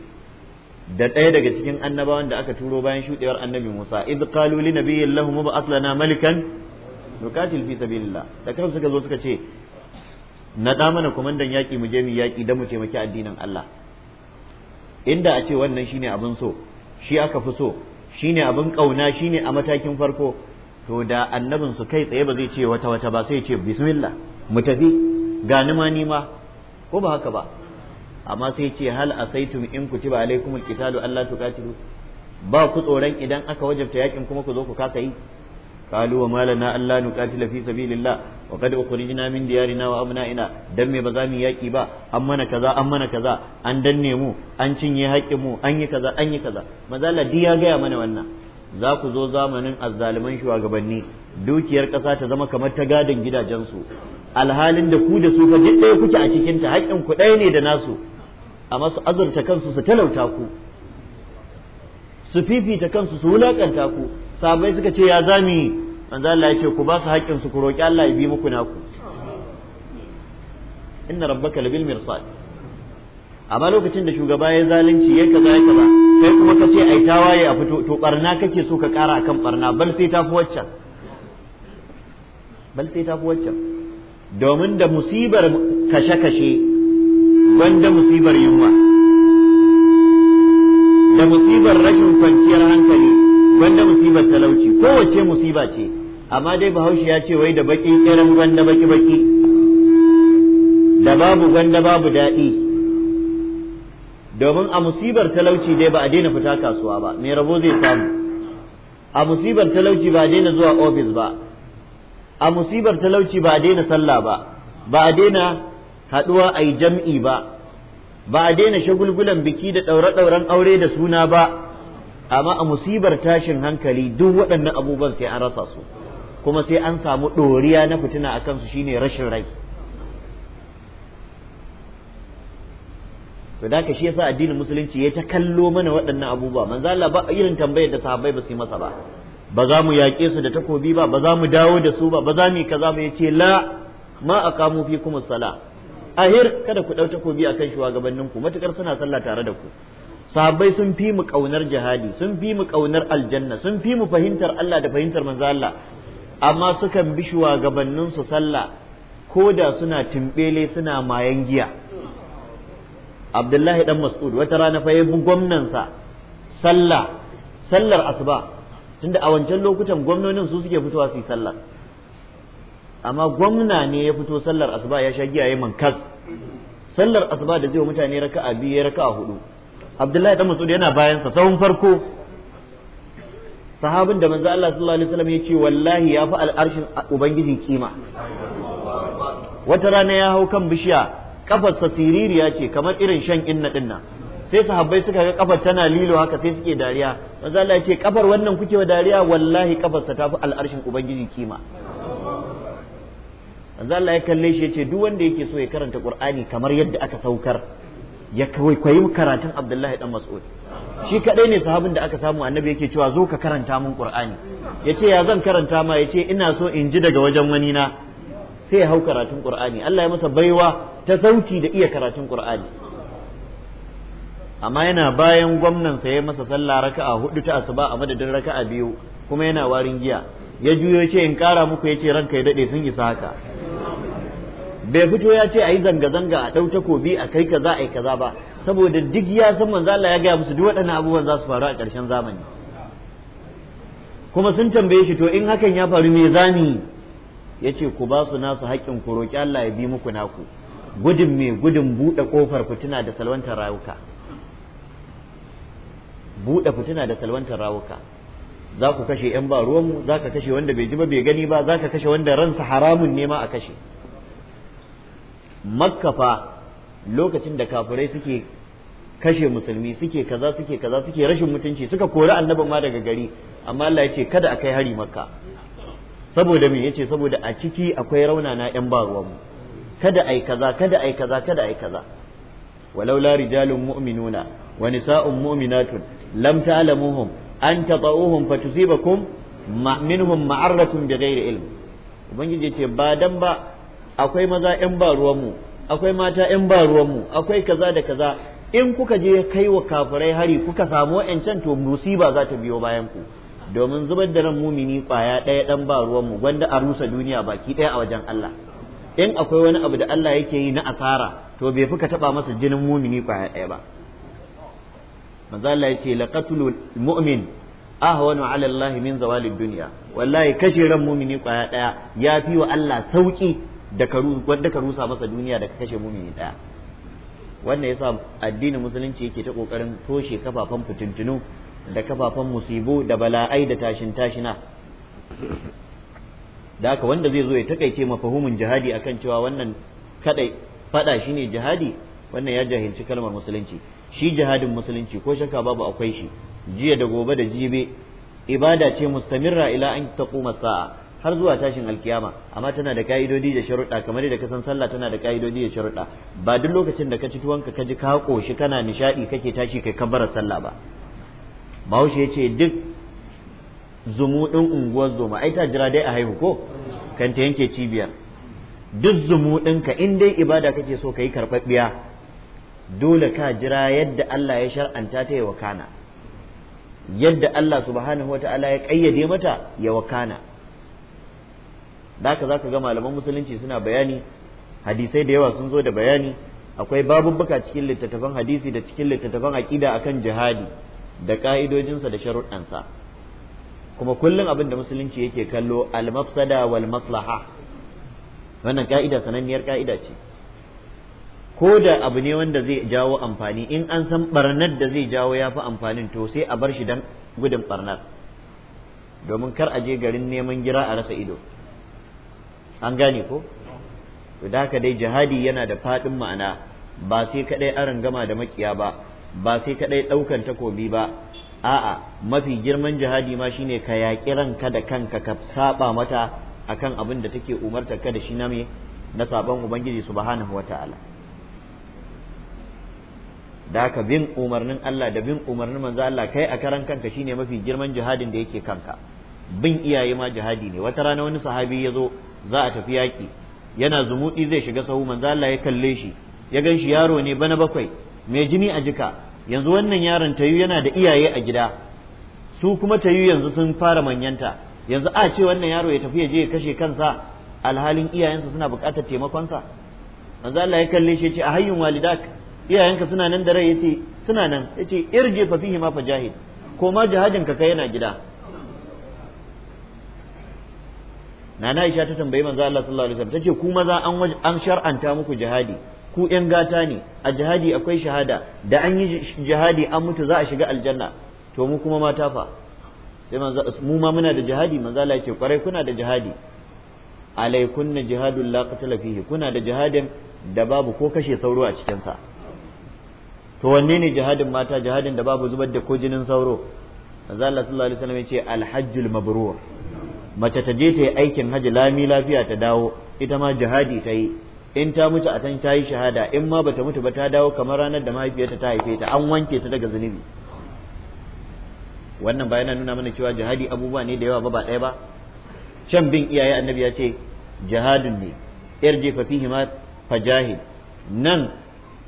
da ɗaya daga cikin annabawan da aka turo bayan shuɗewar annabi Musa idh qalu li nabiyyin lahum mub'ath lana malikan nuqatil fi sabilillah da kan suka zo suka ce na da mana komandan yaƙi mu je mu yaki da mu taimaki addinin Allah inda a ce wannan shine abin so shi aka fi so shine abin kauna shine a matakin farko to da annabin su kai tsaye ba zai ce wata wata ba sai ce bismillah mu tafi ga nima nima ko ba haka ba amma sai ce hal asaitum in kutiba alaikumul qitalu alla tuqatilu ba ku tsoron idan aka wajabta yakin kuma ku zo ku kasa yi قالوا وما لنا الا نقاتل في سبيل الله وقد اخرجنا من ديارنا وابنائنا دم بزامي ياكي با أمنا كذا أمنا كذا أن دنيمو أن شنيه هكمو أني كذا أني كذا مازال ديا جاء من wannan za ku zo zamanin azzaliman shugabanni dukiyar kasa ta zama kamar ta gadin gidajen su alhalin da ku da su fa duk ɗaya kuke a cikinta haƙƙin ku ɗaya ne da nasu a su azurta kansu su talauta ku su fifita kansu su wulakanta ku sahabbai suka ce ya zami manzo Allah ya ce ku ba su haƙƙin su ku roƙi Allah ya bi muku naku inna rabbaka labil mirsad amma lokacin da shugaba ya zalunci ya kaza ya kaza kai kuma ka ce ai tawaye a fito to barna kake so ka kara akan barna bal sai tafi waccan bal sai tafi waccan domin da musibar kashe-kashe wanda musibar yunwa da musibar rashin kwanciyar hankali gwanda musibar talauci kowace musiba ce amma dai bahaushe ya ce wai da baki kiran gwanda baki baki da babu gwanda babu daɗi domin a musibar talauci dai ba a daina fita kasuwa ba mai rabo zai samu a musibar talauci ba a daina zuwa ofis ba a musibar talauci ba a daina sallah ba ba a daina haɗuwa a yi jam'i ba ba a daina shagulgulan biki da ɗaure-ɗauren aure da suna ba amma a musibar tashin hankali duk waɗannan abubuwan sai an rasa su kuma sai an samu ɗoriya na fitina a kansu shine rashin rai to da shi yasa addinin musulunci ya ta kallo mana waɗannan abubuwa manzo Allah ba irin tambayar da sahabbai ba su yi masa ba ba za mu yaƙe su da takobi ba ba za mu dawo da su ba ba za mu yi kaza ba yace la ma aqamu fikum sala ahir kada ku ɗau takobi akan shuwagabanninku matukar suna sallah tare da ku sahabbai sun fi mu kaunar jihadi sun fi mu kaunar aljanna sun fi mu fahimtar Allah da fahimtar manzo Allah amma sukan bi shugabannin su sallah ko da suna timbele suna mayan giya Abdullahi dan Mas'ud wata rana fa yabi gwamnan sa sallah sallar asuba tunda a wancan lokutan gwamnonin su suke fitowa su yi sallah amma gwamna ne ya fito sallar asuba ya sha giya ya kas sallar asuba da zai mutane raka'a biyu ya raka'a hudu abdullahi da mas'ud yana bayan sa sahun farko sahabin da manzo Allah sallallahu alaihi wasallam yace wallahi ya fi al'arshin ubangiji kima wata rana ya hau kan bishiya kafarsa siririya ce kamar irin shan inna dinna sai sahabbai suka ga kafar tana lilo haka sai suke dariya manzo Allah yace kafar wannan kuke wa dariya wallahi kafarsa ta fi al'arshin ubangiji kima manzo Allah ya kalle shi yace duk wanda yake so ya karanta Qur'ani kamar yadda aka saukar ya kwaikwayi karatun abdullahi dan mas'ud shi kadai ne sahabin da aka samu annabi yake cewa zo ka karanta min qur'ani yace ya zan karanta ma yace ina so in ji daga wajen wani na sai ya hau karatun qur'ani Allah ya masa baiwa ta sauti da iya karatun qur'ani amma yana bayan gwamnan sa ya masa sallah raka'a hudu ta asuba a madadin raka'a biyu kuma yana warin giya ya juyo ce in kara muku yace ranka ya dade sun isa haka bai fito ya ce a yi zanga-zanga a ɗauta takobi a kai kaza a yi kaza ba saboda duk ya san manzo Allah ya gaya musu duk waɗannan abubuwan za su faru a ƙarshen zamani kuma sun tambaye shi to in hakan ya faru me zani ya ce ku ba su nasu haƙƙin ku roƙi Allah ya bi muku naku gudun me gudun buɗe ƙofar fitina da salwantar rawuka buɗe fitina da salwantar rawuka za ku kashe 'yan ba ruwanmu za ka kashe wanda bai ji ba bai gani ba za ka kashe wanda ransa haramun nema a kashe makka fa lokacin da kafirai suke kashe musulmi suke kaza suke kaza suke rashin mutunci suka kori annabi ma daga gari amma Allah ya ce kada a kai hari makka saboda me yace saboda a ciki akwai raunana yan ba ruwanmu kada ai kaza kada ai kaza kada ai kaza walau la rijalun mu'minuna wa nisa'un mu'minatun lam ta'lamuhum an tata'uhum fatusibakum minhum ma'arratun bighairi ilm ubangiji yace ba dan ba akwai maza yan ba ruwanmu akwai mata yan ba ruwanmu akwai kaza da kaza in kuka je kai wa kafirai hari kuka samu wa'ancan to musiba za ta biyo bayan ku domin zubar da ran mumini kwaya ɗaya ɗan ba ruwanmu gwanda a rusa duniya baki ɗaya a wajen Allah in akwai wani abu da Allah yake yi na asara to bai fuka taba masa jinin mumini kwaya ɗaya ba manzo Allah yake laqatul mu'min ahwanu ala Allah min zawalid dunya wallahi kashe ran mumini kwaya ɗaya ya fi wa Allah sauki da rusa masa duniya da ka kashe mumini daya wannan yasa addinin musulunci yake ta kokarin toshe kafafan fitintunu da kafafan musibo da bala'ai da tashin tashina da haka wanda zai zo ya takaice mafahumin jihadi akan cewa wannan kadai fada shine jihadi wannan ya jahilci kalmar musulunci shi jihadin musulunci ko shakka babu akwai shi jiya da gobe da jibe ibada ce mustamirra ila an taquma sa'a har zuwa tashin alkiyama amma tana da ka'idodi da sharuɗa kamar yadda ka san sallah tana da ka'idodi da sharuɗa ba duk lokacin da ka ci tuwanka ka ji ka koshi kana nishaɗi kake tashi kai kabbara sallah ba bahaushe ya ce duk zumuɗin unguwar zoma ai ta jira dai a haihu ko kan ta yanke cibiyar duk zumuɗinka in dai ibada kake so ka yi karɓaɓɓiya dole ka jira yadda Allah ya shar'anta ta ya wakana yadda Allah subhanahu wa ta'ala ya ƙayyade mata ya wakana da haka zaka ga malaman musulunci suna bayani hadisai da yawa sun zo da bayani akwai babubbuka cikin littattafan hadisi da cikin littattafan aqida akan jihadi da ka'idojinsa da sharuɗansa kuma kullum abin da musulunci yake kallo al-mafsada wal maslaha wannan ka'ida sananniyar ka'ida ce ko da abu ne wanda zai jawo amfani in an san barnar da zai jawo ya fi amfanin to sai a bar shi dan gudun barnar domin kar a je garin neman gira a rasa ido an gane ko to da haka dai jihadi yana da faɗin ma'ana ba sai kaɗai aron gama da makiya ba ba sai kaɗai ɗaukan takobi ba a'a mafi girman jihadi ma shine ka yaƙi ranka da kanka ka saba mata akan abin da take umartar ka da shi na me na saban ubangiji subhanahu wata'ala da haka bin umarnin Allah da bin umarnin manzo Allah kai a karan kanka shine mafi girman jihadin da yake kanka bin iyaye ma jihadi ne wata rana wani sahabi ya zo za a tafi yaƙi yana zumuɗi zai shiga sahu manzo Allah ya kalle shi ya gan shi yaro ne bana bakwai mai jini a jika yanzu wannan yaron tayu yana da iyaye a gida su kuma tayu yanzu sun fara manyanta yanzu a ce wannan yaro ya tafi ya je ya kashe kansa alhalin iyayensa suna buƙatar taimakonsa manzo Allah ya kalle shi ya ce a hayyun walidak iyayenka suna nan da rai yace suna nan yace irje fa fihi ma fajahid ko ma jihadin ka kai yana gida nana Aisha ta tambayi manzo Allah sallallahu alaihi wasallam tace ku maza an an shar'anta muku jihadi ku yan gata ne a jihadi akwai shahada da an yi jihadi an mutu za a shiga aljanna to mu kuma mata fa sai manzo mu ma muna da jihadi manzo Allah yake kwarai kuna da jihadi alaikunna jihadul la qatala fihi kuna da jihadin da babu ko kashe sauro a cikin sa to wanne ne jihadin mata jihadin da babu zubar da ko jinin sauro manzo Allah sallallahu alaihi wasallam yace alhajjul mabrur mace ta je ta yi aikin hajji lami lafiya ta dawo ita ma jihadi ta yi in ta mutu a can ta yi shahada in ma bata mutu ba ta dawo kamar ranar da mahaifiyarta ta haife ta an wanke ta daga zunubi wannan bayan nuna mana cewa jihadi abubuwa ne da yawa ba ba ɗaya ba can bin iyaye annabi ya ce jihadin ne yar fa fihi ma nan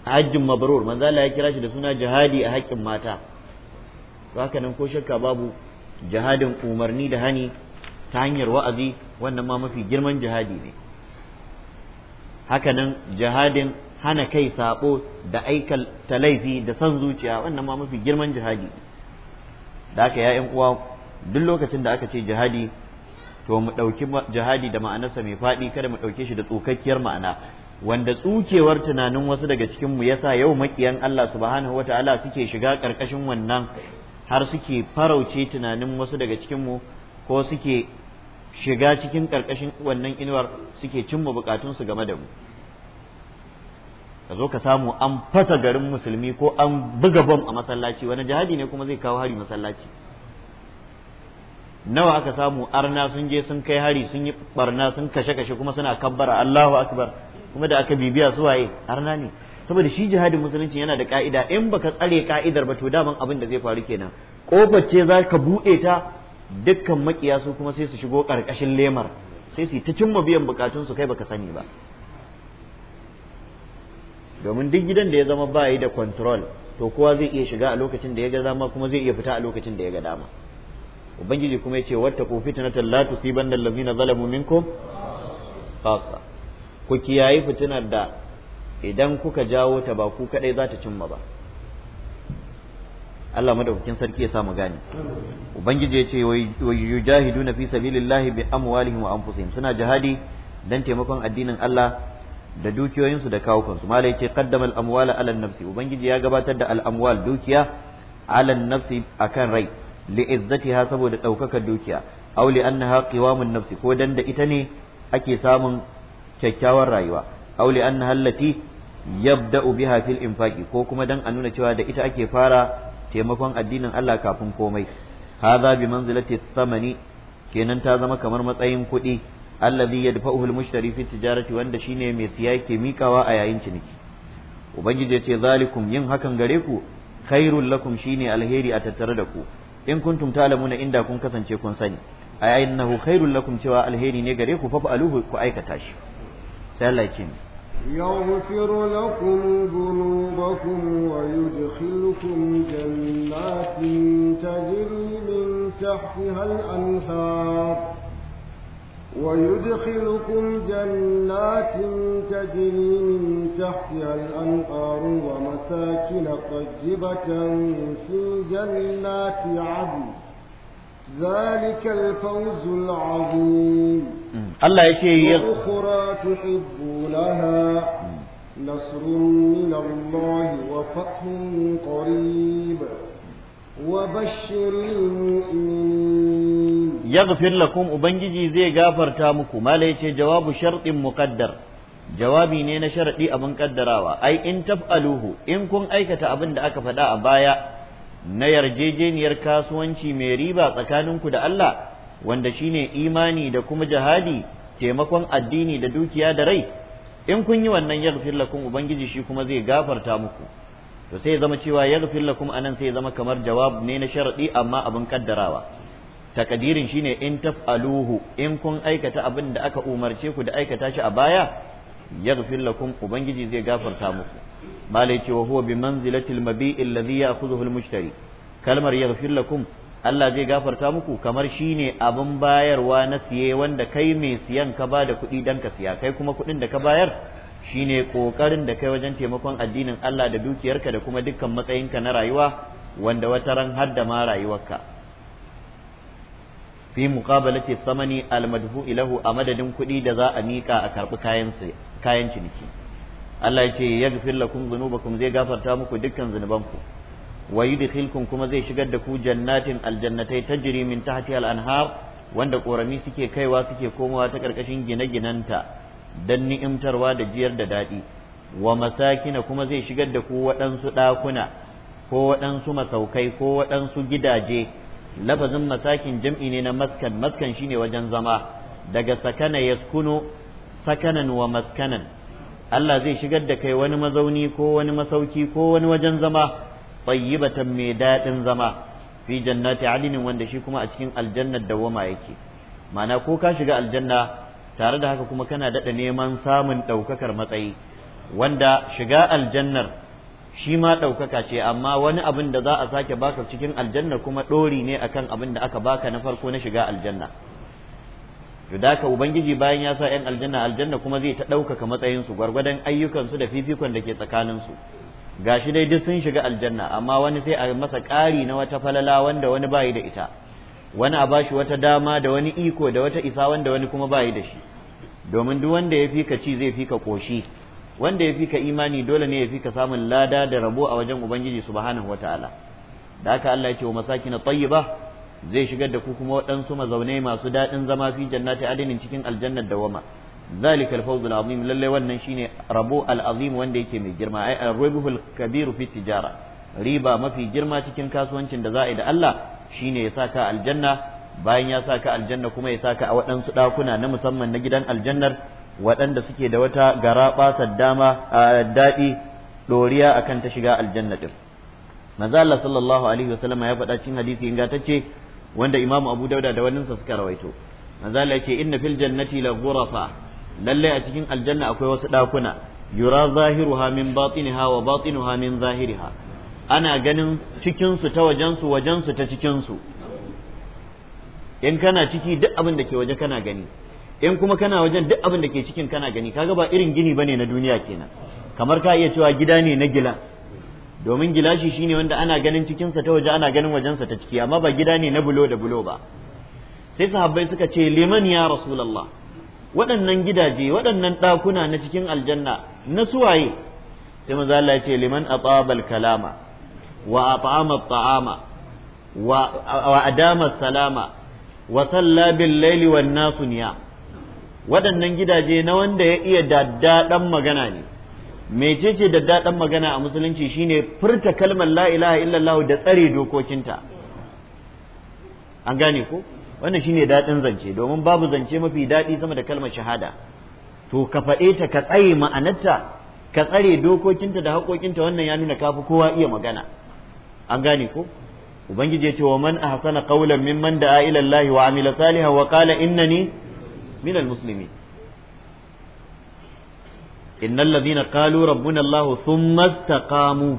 hajjin mabrur manzo Allah ya kira shi da suna jihadi a haƙƙin mata haka nan ko shakka babu jihadin umarni da hani ta hanyar wa'azi wannan ma mafi girman jihadi ne hakanan jihadin hana kai saɓo da aikal laifi da san zuciya wannan ma mafi girman jihadi da aka ya'yan uwa duk lokacin da aka ce jihadi to mu ɗauki jihadi da ma'anarsa mai faɗi kada mu ɗauke shi da tsukakkiyar ma'ana wanda tsukewar tunanin wasu daga cikinmu mu yasa yau maƙiyan Allah subhanahu wata'ala suke shiga ƙarƙashin wannan har suke farauce tunanin wasu daga cikinmu ko suke shiga cikin ƙarƙashin wannan inuwar suke cimma bukatunsu game da mu ka zo ka samu an fasa garin musulmi ko an buga bom a masallaci wani jihadi ne kuma zai kawo hari masallaci nawa aka samu arna sun je sun kai hari sun yi barna sun kashe kashe kuma suna kabbara Allahu akbar kuma da aka bibiya su waye arna ne saboda shi jihadin musulunci yana da ka'ida in baka tsare ka'idar ba to daman abin da zai faru kenan kofar ce za ka buɗe ta dukkan makiya su kuma sai su shigo ƙarƙashin lemar sai su yi ta cimma biyan bukatun su kai baka sani ba domin duk gidan da ya zama ba yi da control to kowa zai iya shiga a lokacin da ya ga dama kuma zai iya fita a lokacin da ya ga dama ubangiji kuma ya ce wata ku fitnatan la tusibanna allazina zalamu minkum khassa ku kiyayi fitinar da idan kuka jawo ta ba ku kadai za ta cimma ba Allah madaukakin sarki ya sa mu gane ubangiji ya ce wa na fi sabilillahi bi amwalihim wa anfusihim suna jihadi dan taimakon addinin Allah da dukiyoyinsu da kawukansu malai ce qaddama al amwala ala nafsi ubangiji ya gabatar da al amwal dukiya ala nafsi akan rai li izzatiha saboda daukakar dukiya aw li annaha qiwamun nafsi ko dan da ita ne ake samun kyakkyawar rayuwa aw li annaha allati ubi biha fil infaqi ko kuma dan a nuna cewa da ita ake fara taimakon addinin Allah kafin komai hadha bi manzilati thamani kenan ta zama kamar matsayin kuɗi alladhi yadfa'uhu al-mushtari fi tijarati wanda shine mai siya yake mikawa a yayin ciniki ubangiji ya ce zalikum yin hakan gare ku khairul lakum shine alheri a tattare da ku in kuntum ta'lamuna inda kun kasance kun sani ay innahu khairul lakum cewa alheri ne gare ku fa fa'aluhu ku aikata shi sai Allah ya ce يغفر لكم ذنوبكم ويدخلكم جنات تجري من تحتها الأنهار ويدخلكم جنات تجري من تحتها الأنهار ومساكن طيبة في جنات عدن ذلك الفوز العظيم الله يكي أخرى تحبونها نصر من الله وفتح قريب وبشر المؤمنين يغفر لكم أبنجي زي غافر تامكم ما ليتي جواب شرط مقدر jawabi ne na sharaɗi abin kaddarawa ai in taf'aluhu in kun aikata abin da aka faɗa a baya na yarjejeniyar kasuwanci mai riba tsakaninku da Allah wanda shine imani da kuma jihadi taimakon addini da dukiya da rai in kun yi wannan yaghfir lakum ubangiji shi kuma zai gafarta muku to sai zama cewa yaghfir lakum anan sai zama kamar jawab ne na sharadi amma abin kaddarawa takadirin shine in taf'aluhu in kun aikata abin da aka umarce ku da aikata shi a baya yaghfir lakum ubangiji zai gafarta muku malai ce wa huwa bi manzilatil mabi'i alladhi ya'khudhuhu al-mushtari kalmar yaghfir lakum Allah zai gafarta muku kamar shine abin bayarwa na siye wanda kai mai siyan ka ba da kuɗi dan ka siya kai kuma kuɗin da ka bayar shine kokarin da kai wajen taimakon addinin Allah da dukiyarka da kuma dukkan matsayinka na rayuwa wanda wata ran har da ma rayuwarka fi muqabalati samani al madhu ilahu a madadin kuɗi da za a miƙa a karɓi kayan ciniki Allah ya ce yaghfir lakum dhunubakum zai gafarta muku dukkan zunubanku wa yudkhilkum kuma zai shigar da ku jannatin aljannatai tajri min tahtiha al-anhar wanda korami suke kaiwa suke komawa ta karkashin gine-ginanta dan ni'imtarwa da jiyar da daɗi wa masakina kuma zai shigar da ku waɗansu ɗakuna ko waɗansu masaukai ko waɗansu gidaje lafazin masakin jam'i ne na maskan maskan shine wajen zama daga sakana yaskunu sakanan wa maskanan Allah zai shigar da kai wani mazauni ko wani masauki ko wani wajen zama tayyibatan mai daɗin zama fi jannati adinin wanda shi kuma a cikin aljannar dawwama yake ma'ana ko ka shiga aljanna tare da haka kuma kana daɗa neman samun ɗaukakar matsayi wanda shiga aljannar shi ma ɗaukaka ce amma wani abin da za a sake baka cikin aljannar kuma ɗori ne akan abin da aka baka na farko na shiga aljanna yudaka ubangiji bayan ya sa yan aljanna aljanna kuma zai ta ɗaukaka matsayinsu gwargwadon su da fifikon da ke tsakanin su gashi dai duk sun shiga aljanna amma wani sai a masa ƙari na wata falala wanda wani bayi da ita wani a bashi wata dama da wani iko da wata isa wanda wani kuma bayi da shi domin duk wanda ya fika ci zai fika koshi wanda ya fika imani dole ne ya fika samun lada da rabo a wajen ubangiji subhanahu wataala da haka Allah ya ce wa masakin tayyiba zai shigar da ku kuma waɗansu mazaunai masu daɗin zama fi jannati adinin cikin aljannar dawama zalika alfawz alazim lallai wannan shine rabo alazim wanda yake mai girma ai arrabul kabir fi tijara riba mafi girma cikin kasuwancin da za a yi da Allah shine ya saka aljanna bayan ya saka aljanna kuma ya saka a waɗansu ɗakuna na musamman na gidan aljannar waɗanda suke da wata gara dama a daɗi ɗoriya akan ta shiga aljanna ɗin. Maza Allah sallallahu alaihi wasallam ya faɗa cikin hadisi ingantacce wanda imamu abu dauda da wannan suka rawaito manzala yace inna fil jannati la ghurafa lalle a cikin aljanna akwai wasu dakuna yura zahiruha min batiniha wa batinuha min zahiriha ana ganin cikin su ta wajen su wajen su ta cikin su in kana ciki duk abin da ke waje kana gani in kuma kana wajen duk abin da ke cikin kana gani kaga ba irin gini bane na duniya kenan kamar ka iya cewa gida ne na gilas domin gilashi shine wanda ana ganin cikinsa ta waje ana ganin wajensa ta ciki amma ba gida ne na bulo da bulo ba sai sahabbai suka ce liman ya rasulullah waɗannan gidaje waɗannan ɗakuna na cikin aljanna na suwaye sai manzo Allah ya ce liman atabal kalama wa at'ama at'ama wa adama salama wa salla bil laili wan waɗannan gidaje na wanda ya iya daddaɗan magana ne mecece da daɗin magana a musulunci shine furta kalmar la ilaha illallah da tsare dokokinta an gane ko wannan shine daɗin zance domin babu zance mafi daɗi sama da kalmar shahada to ka faɗe ta ka tsaye ma'anarta ka tsare dokokinta da haƙoƙinta wannan ya nuna kafi kowa iya magana an gane ko ubangiji ya ce wa man ahsana qawlan mimman da'a ila wa amila salihan wa qala innani minal muslimin innal ladhina qalu rabbuna Allah thumma istaqamu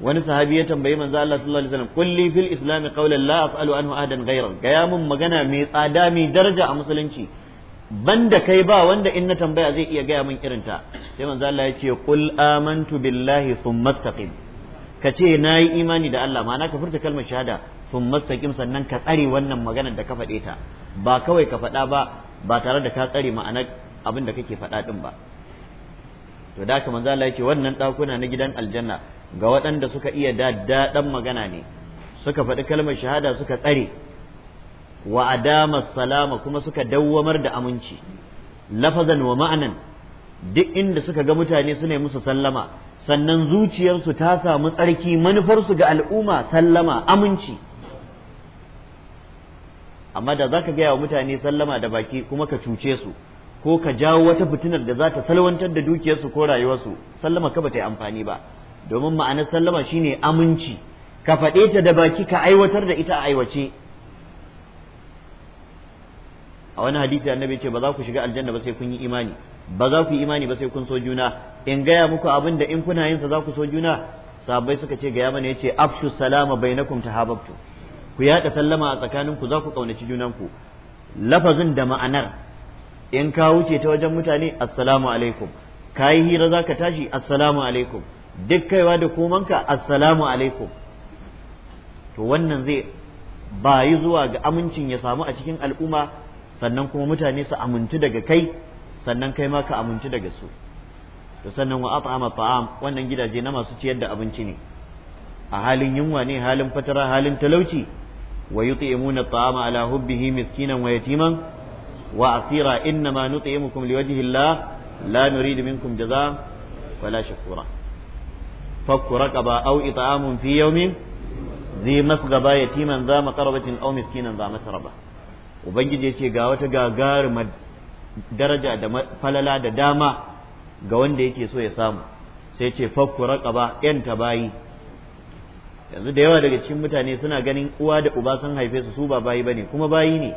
wani sahabi ya tambayi manzo Allah sallallahu alaihi wasallam kulli fil islam qawlan la as'alu anhu ahadan ghayra gaya mun magana mai tsada mai daraja a musulunci banda kai ba wanda in na tambaya zai iya gaya mun irinta sai manzo Allah ya ce qul amantu billahi thumma istaqim ka ce nayi imani da Allah ma'ana ka furta kalmar shahada thumma istaqim sannan ka tsare wannan maganar da ka faɗe ta ba kawai ka faɗa ba ba tare da ka tsare ma'anar abin da kake faɗa din ba to da haka manzo Allah yake wannan dakuna na gidan aljanna ga waɗanda suka iya daddaɗan magana ne suka faɗi kalmar shahada suka tsare wa adama salama kuma suka dawwamar da aminci lafazan wa ma'anan duk inda suka ga mutane suna musu sallama sannan zuciyarsu ta samu tsarki manufarsu ga al'umma sallama aminci amma da za ka gaya wa mutane sallama da baki kuma ka cuce su ko ka jawo wata fitinar da za ta salwantar da dukiyarsu ko rayuwarsu sallama ka ba ta yi amfani ba domin ma'anar sallama shine aminci ka faɗe ta da baki ka aiwatar da ita a aiwace a wani hadisi annabi ce ba za ku shiga aljanna ba sai kun yi imani ba za ku yi imani ba sai kun so juna in gaya muku abin da in kuna yin sa za ku so juna sahabbai suka ce gaya mana yace afshu salama bainakum tahabbtu ku yaɗa sallama a tsakaninku za ku kaunaci junanku lafazin da ma'anar in ka wuce ta wajen mutane assalamu alaikum ka yi hira za ka tashi assalamu alaikum duk kaiwa da komanka assalamu alaikum to wannan zai ba yi zuwa ga amincin ya samu a cikin al'umma sannan kuma mutane su amintu daga kai sannan kai ma ka amintu daga su to sannan wa at'ama ta'am wannan gidaje na masu ciyar da abinci ne a halin yunwa ne halin fatara halin talauci wa yuti'imuna ta'ama ala hubbihi miskinan wa yatiman wa asira ma nuti'imukum liwajhi Allah la nuridu minkum ba la shukura fakku raqaba aw it'amun fi yawmin zi masgaba yatiman za maqrabatin aw miskinan za masraba ubangiji yace ga wata gagaruma daraja da falala da dama ga wanda yake so ya samu sai ce fakku raqaba yan bayi yanzu da yawa daga cikin mutane suna ganin uwa da uba sun haife su su ba bayi bane kuma bayi ne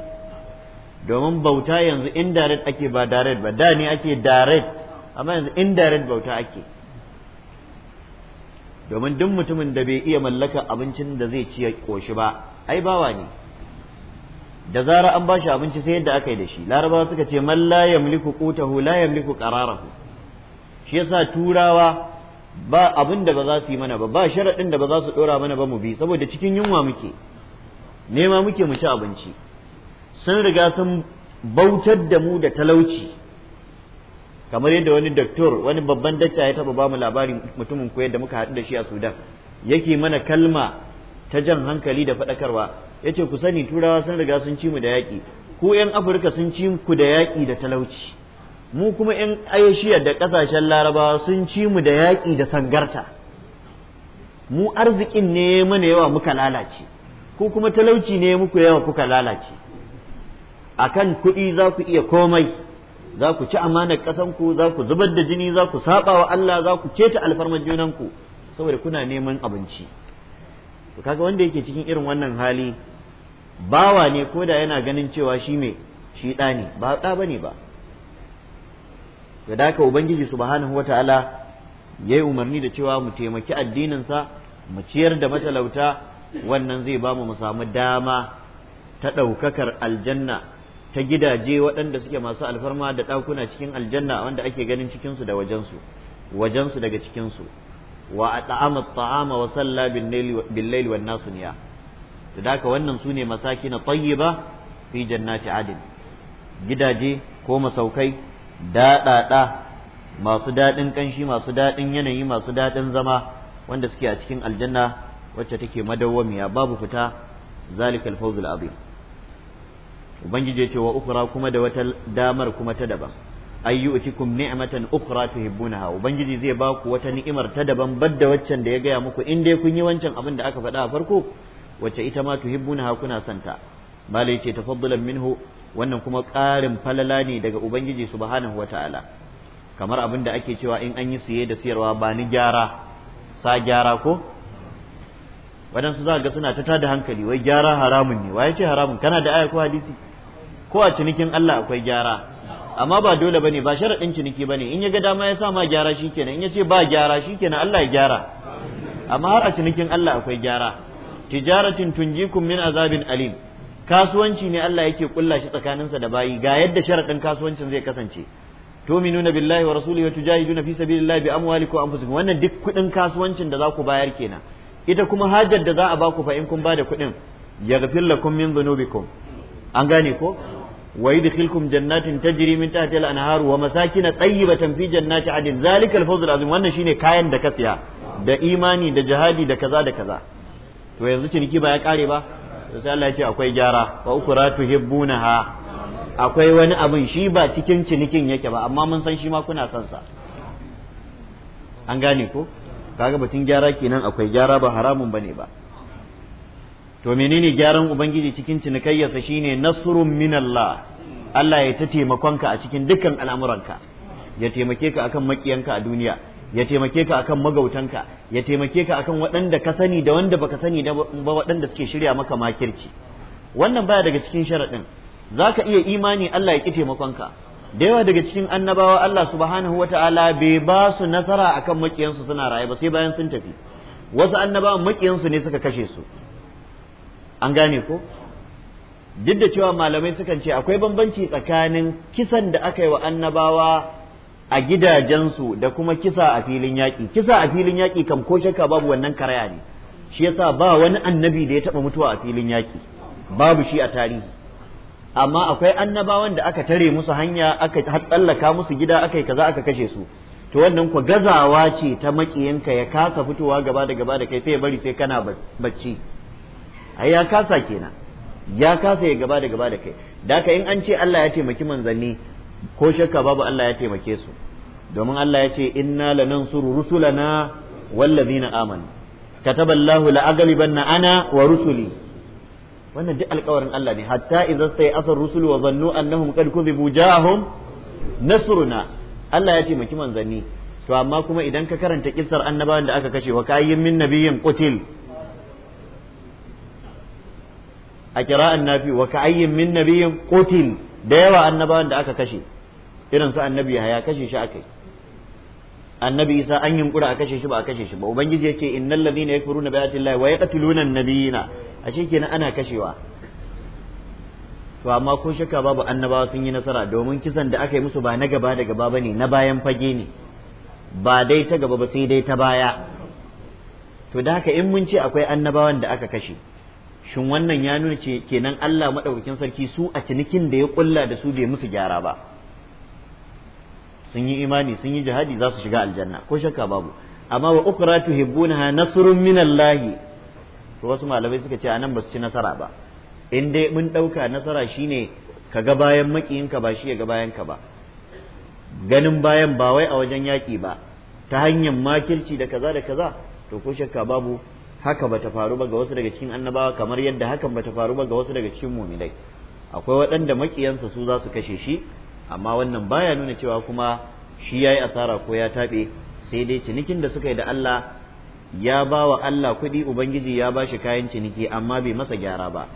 domin bauta yanzu indirect ake ba direct ba da ne ake direct amma yanzu indirect bauta ake domin duk mutumin da bai iya mallaka abincin da zai ci ya koshi ba ai bawa ne da zara an bashi abinci sai yadda aka yi da shi larabawa suka ce man la yamliku qutahu la yamliku qararahu shi yasa turawa ba abin da ba za su yi mana ba ba sharadin da ba za su dora mana ba mu bi saboda cikin yunwa muke nema muke mu ci abinci sun riga sun bautar da mu da talauci kamar yadda wani doktor wani babban dakta ya taba bamu labarin mutumin koyar da muka haɗu da shi a sudan yake mana kalma ta jan hankali da faɗakarwa ya ce ku sani turawa sun riga sun ci mu da yaƙi ku 'yan afirka sun ci ku da yaƙi da talauci mu kuma 'yan aishiya da ƙasashen larabawa sun ci mu da yaƙi da sangarta mu arzikin ne mana yawa muka lalace ku kuma talauci ne muku yawa kuka lalace akan kuɗi za ku iya komai za ku ci amanar ƙasanku za ku zubar da jini za ku saba wa Allah za ku ta alfarmar junanku saboda kuna neman abinci to kaga wanda yake cikin irin wannan hali bawa ne ko da yana ganin cewa shi me shi ɗa ne ba ɗa bane ba da ka ubangiji subhanahu wataala yayi umarni da cewa mu taimaki addinin sa mu ciyar da matalauta wannan zai ba mu mu samu dama ta ɗaukakar aljanna ta gidaje waɗanda suke masu alfarma da ɗakuna cikin aljanna wanda ake ganin cikinsu da wajensu wajensu daga cikinsu wa a ta'ama ta'ama wa salla billail wan nasu niya to da wannan su ne masaki na tayyiba fi jannati adin gidaje ko masaukai daɗaɗa masu daɗin ƙanshi masu daɗin yanayi masu daɗin zama wanda suke a cikin aljanna wacce take madawwamiya babu fita zalikal fawzul azim ubangiji ya ce wa ukura kuma da wata damar kuma ta daban ayyukum ni'matan ukhra tuhibbunaha ubangiji zai ba ku wata ni'imar ta daban badda waccan da ya gaya muku in dai kun yi wancan abin da aka faɗa a farko wacce ita ma tuhibbunaha kuna santa malai ce tafaddalan minhu wannan kuma ƙarin falala ne daga ubangiji subhanahu wataala kamar abin da ake cewa in an yi siye da siyarwa ba ni gyara sa gyara ko waɗansu za ga suna ta tada hankali wai gyara haramun ne ya ce haramun kana da aya ko hadisi ko a cinikin Allah akwai gyara amma ba dole bane ba sharaɗin ciniki bane in ya ga dama ya sa ma gyara shikenan in ya ce ba gyara shikenan Allah ya gyara amma har a cinikin Allah akwai gyara tijaratin tunjikum min azabin alim kasuwanci ne Allah yake kulla shi tsakaninsa da bayi ga yadda sharaɗin kasuwancin zai kasance tu'minuna billahi wa rasulihi wa tujahiduna fi sabilillahi bi amwalikum wa anfusikum wannan duk kudin kasuwancin da za ku bayar kenan ita kuma hajar da za a baku fa in kun bada kuɗin yaghfir lakum min dhunubikum an gane ko da yadkhulukum jannatin tajri min tahtiha al-anhar wa masakin tayyibatan fi jannati adin zalika al-fawz al-azim wannan shine kayan da ka siya da imani da jihadi da kaza da kaza to yanzu ciniki ba ya kare ba sai Allah ya akwai gyara wa ukra ha. akwai wani abin shi ba cikin cinikin yake ba amma mun san shi ma kuna son sa an gane ko kaga batun gyara kenan akwai gyara ba haramun bane ba to menene gyaran ubangiji cikin cinikayyarsa shine nasrun min Allah Allah ya ta taimakonka a cikin dukkan al'amuranka ya taimake ka akan makiyanka a duniya ya taimake ka akan magautanka ya taimake ka akan waɗanda ka sani da wanda baka sani da ba waɗanda suke shirya maka makirci wannan baya daga cikin sharaɗin zaka iya imani Allah ya ki taimakonka da yawa daga cikin annabawa Allah subhanahu wata'ala bai ba su nasara akan makiyansu suna raye ba sai bayan sun tafi wasu annabawan makiyansu ne suka kashe su an gane ko duk da cewa malamai sukan ce akwai bambanci tsakanin kisan da aka yi wa annabawa a gidajensu da kuma kisa a filin yaƙi kisa a filin yaƙi kam ko shakka babu wannan karaya ne shi yasa ba wani annabi da ya taɓa mutuwa a filin yaƙi babu shi a tarihi amma akwai annabawan da aka tare musu hanya aka tsallaka musu gida aka yi kaza aka kashe su to wannan ku gazawa ce ta maƙiyinka ya kasa fitowa gaba da gaba da kai sai ya bari sai kana bacci ai ya kasa kenan ya kasa ya gaba da gaba da kai daka in an ce Allah ya taimaki manzanni ko shakka babu Allah ya taimake su domin Allah ya ce inna lanansuru rusulana wallazina amanu kataballahu la'aghlibanna ana wa rusuli wannan duk alƙawarin Allah ne hatta idza sai asar rusul wa zannu annahum qad kuzibu ja'ahum nasruna Allah ya taimaki manzanni to amma kuma idan ka karanta kissar annabawan da aka kashe wa kayyin min nabiyyin qutil a kira'an nafi wa ka'ayyin min nabiyin qutil da yawa annabawan da aka kashe irin su annabi ya kashe shi akai annabi isa an yunkura a kashe shi ba a kashe shi ba ubangiji ya ce innal ladina yakfuruna bi ayatillahi wa yaqtuluna an ashe kenan ana kashewa to amma ko shakka babu annabawa sun yi nasara domin kisan da aka yi musu ba na gaba da gaba bane na bayan fage ne ba dai ta gaba ba sai dai ta baya to da haka in mun ce akwai annabawan da aka kashe shin wannan ya nuna ce kenan Allah madaukakin sarki su a cinikin da ya kulla da su bai musu gyara ba sun yi imani sun yi jihadi za su shiga aljanna ko shakka babu amma wa ukra tuhibbunaha nasrun min Allah to wasu malamai suka ce anan ba su ci nasara ba in dai mun ɗauka nasara shine ka ga bayan makiyinka ba shi ya ga bayan ba ganin bayan ba wai a wajen yaki ba ta hanyar makirci da kaza da kaza to ko shakka babu haka bata faru ba ga wasu daga cikin annabawa kamar yadda hakan bata faru ba ga wasu daga cikin muminai akwai waɗanda makiyansa su za su kashe shi amma wannan baya nuna cewa kuma shi ya yi asara ko ya taɓe sai dai cinikin da suka yi da Allah ya ba wa Allah kuɗi Ubangiji ya ba shi kayan ciniki amma bai masa gyara ba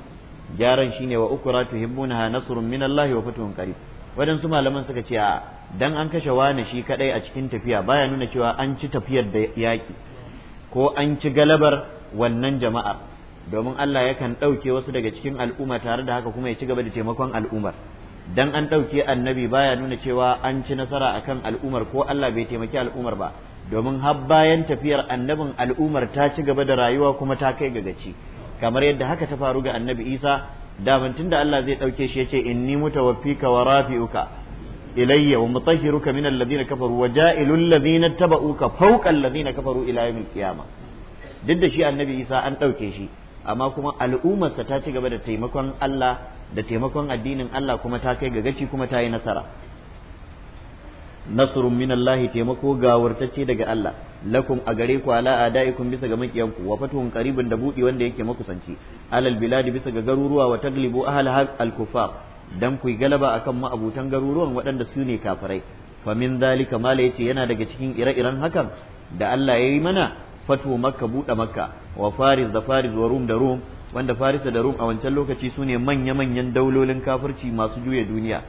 gyaran shi ne wa ukura tuhibbunaha nasrun min Allah wa fatuhun qarib waɗansu malaman suka ce a dan an kashe wani shi kadai a cikin tafiya baya nuna cewa an ci tafiyar da yaki ko an ci galabar wannan jama'ar domin Allah yakan ɗauke wasu daga cikin al'umma tare da haka kuma ya ci gaba da taimakon al'ummar dan an ɗauke annabi baya nuna cewa an ci nasara akan al'ummar ko Allah bai taimaki al'ummar ba domin har bayan tafiyar annabin al'ummar ta ci gaba da rayuwa kuma ta kai ga gaci kamar yadda haka ta faru ga annabi Isa daman da Allah zai ɗauke shi ya ce inni mutawaffika wa rafi'uka إلي ومطهرك من الذين كفروا وجائل الذين اتبعوك فوق الذين كفروا إلى يوم القيامة duk da shi annabi isa an ɗauke shi amma kuma al'ummarsa ta ci gaba da taimakon Allah da taimakon addinin Allah kuma ta kai ga gaci kuma ta yi nasara nasrun min Allah taimako gawurtacce daga Allah lakum a gare ku ala adaikum bisa ga makiyanku wa fatuhun qaribin da budi wanda yake makusanci alal biladi bisa ga garuruwa wa taglibu ahla al kufar dan ku galaba akan ma'abutan garuruwan waɗanda su ne kafirai fa min zalika mala yace yana daga cikin ire-iren hakan da Allah ya yi mana fatu makka buɗe makka wa faris da faris wa rum da rum wanda faris da rum a wancan lokaci su ne manya-manyan daulolin kafirci masu juya duniya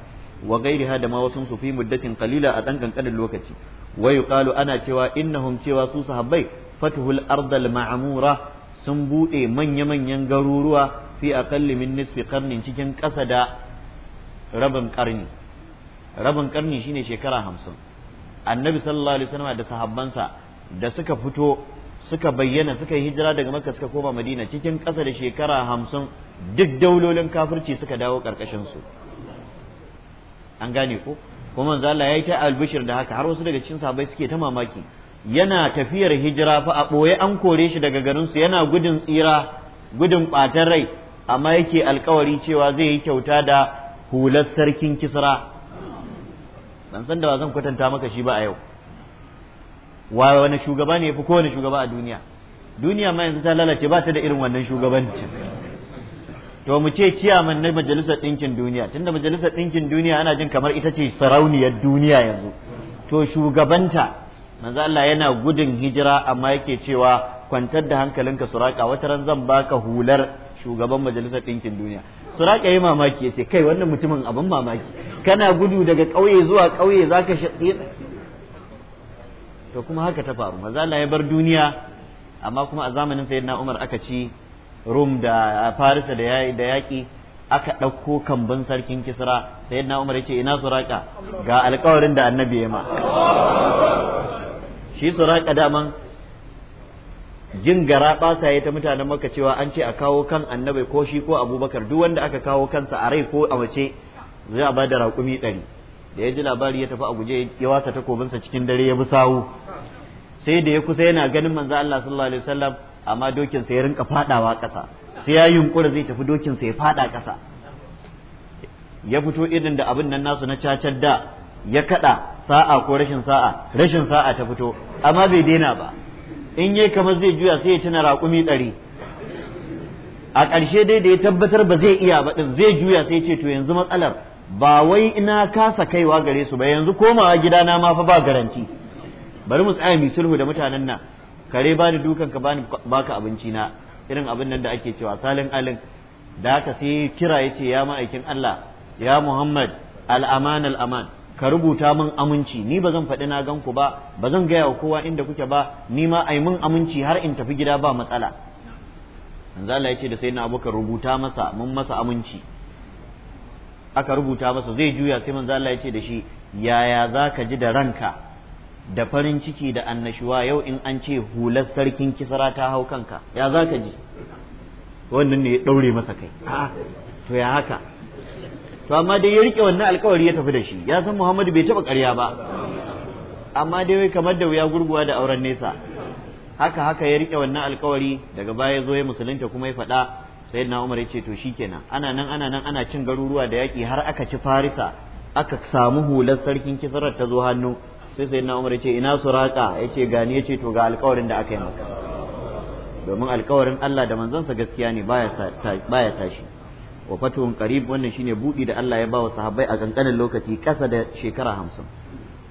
wa gairi da ma wasu su fi muddatin kalila a ɗan ƙanƙanin lokaci wa yuqalu ana cewa innahum cewa su sahabbai fatuhul ardal ma'mura sun buɗe manya-manyan garuruwa fi akalli min nisfi karnin cikin ƙasa da rabin karni rabin karni shine shekara hamsin annabi sallallahu alaihi wasallam da sahabbansa da suka fito suka bayyana suka yi hijira daga makka suka koma madina cikin ƙasa da shekara hamsin duk daulolin kafirci suka dawo ƙarƙashinsu an gane ko kuma manzo ya yi ta albishir da haka har wasu daga cikin sahabbai suke ta mamaki yana tafiyar hijira fa a ɓoye an kore shi daga garinsu yana gudun tsira gudun ɓatan rai amma yake alkawari cewa zai yi kyauta da hular sarkin kisra ban san da ba zan kwatanta maka shi ba a yau wa wani shugaba ne yafi kowane shugaba a duniya duniya ma yanzu ta lalace ba ta da irin wannan shugabancin to mu ce ciyaman na majalisar ɗinkin duniya tunda majalisar ɗinkin duniya ana jin kamar ita ce sarauniyar duniya yanzu to shugabanta manzo Allah yana gudun hijira amma yake cewa kwantar da hankalinka suraka wata ran zan baka hular shugaban majalisar ɗinkin duniya suraka yi mamaki ya ce kai wannan mutumin abin mamaki kana gudu daga ƙauye zuwa ƙauye zaka to kuma haka ta faru maza Allah ya bar duniya amma kuma a zamanin sayyidina Umar aka ci Rum da Farisa da da yaki aka ɗauko kambun sarkin Kisra sayyidina Umar yace ina suraka ga alƙawarin da annabi ya ma shi suraka daman jin gara ɓasa ya ta mutanen maka cewa an ce a kawo kan annabi ko shi ko abubakar duk wanda aka kawo kansa a rai ko a wace zai a ba raƙumi ɗari da ya ji labari ya tafi a guje ya wasa takobinsa cikin dare ya bi sawu sai da ya kusa yana ganin manzo Allah sallallahu alaihi wasallam amma dokin sa ya rinka fadawa ƙasa sai ya yunkura zai tafi dokin sa ya fada ƙasa ya fito irin da abin nan nasu na cacar da ya kada sa'a ko rashin sa'a rashin sa'a ta fito amma bai daina ba in yayi kamar zai juya sai ya tuna raƙumi ɗari a ƙarshe dai da ya tabbatar ba zai iya ba din zai juya sai ce to yanzu matsalar ba wai ina kasa kaiwa gare su ba yanzu komawa gidana ma fa ba garanti bari mu tsaya mu sulhu da mutanen nan kare bani dukan ka bani baka abinci na irin abin nan da ake cewa salin alin da haka sai kira yace ya ma'aikin Allah ya Muhammad al-aman ka rubuta min aminci ni ba zan faɗi na gan ku ba ba zan gaya wa kowa inda kuke ba ni ma ai min aminci har in tafi gida ba matsala manzo ya yace da sayyidina abokan rubuta masa mun masa aminci aka rubuta masa zai juya sai manzo Allah yace da shi yaya zaka ji da ranka da farin ciki da annashuwa yau in an ce hular sarkin kisra ta hau kanka ya za ka ji wannan ne ya ɗaure masa kai to ya haka to amma dai ya rike wannan alkawari ya tafi da shi ya san muhammadu bai taɓa ƙarya ba amma dai wai kamar da wuya gurguwa da auren nesa haka haka ya rike wannan alkawari daga baya zo ya musulunta kuma ya faɗa sai na umar ya ce to shikenan ana nan ana nan ana cin garuruwa da yaƙi har aka ci farisa aka samu hular sarkin kisrar ta zo hannu sai sai na umar ya ce ina suraka ya ce gani ya ce to ga alkawarin da aka yi maka domin alkawarin Allah da manzansa gaskiya ne baya tashi wa fatuhun qarib wannan shine budi da Allah ya bawa sahabbai a kankanin lokaci kasa da shekara hamsin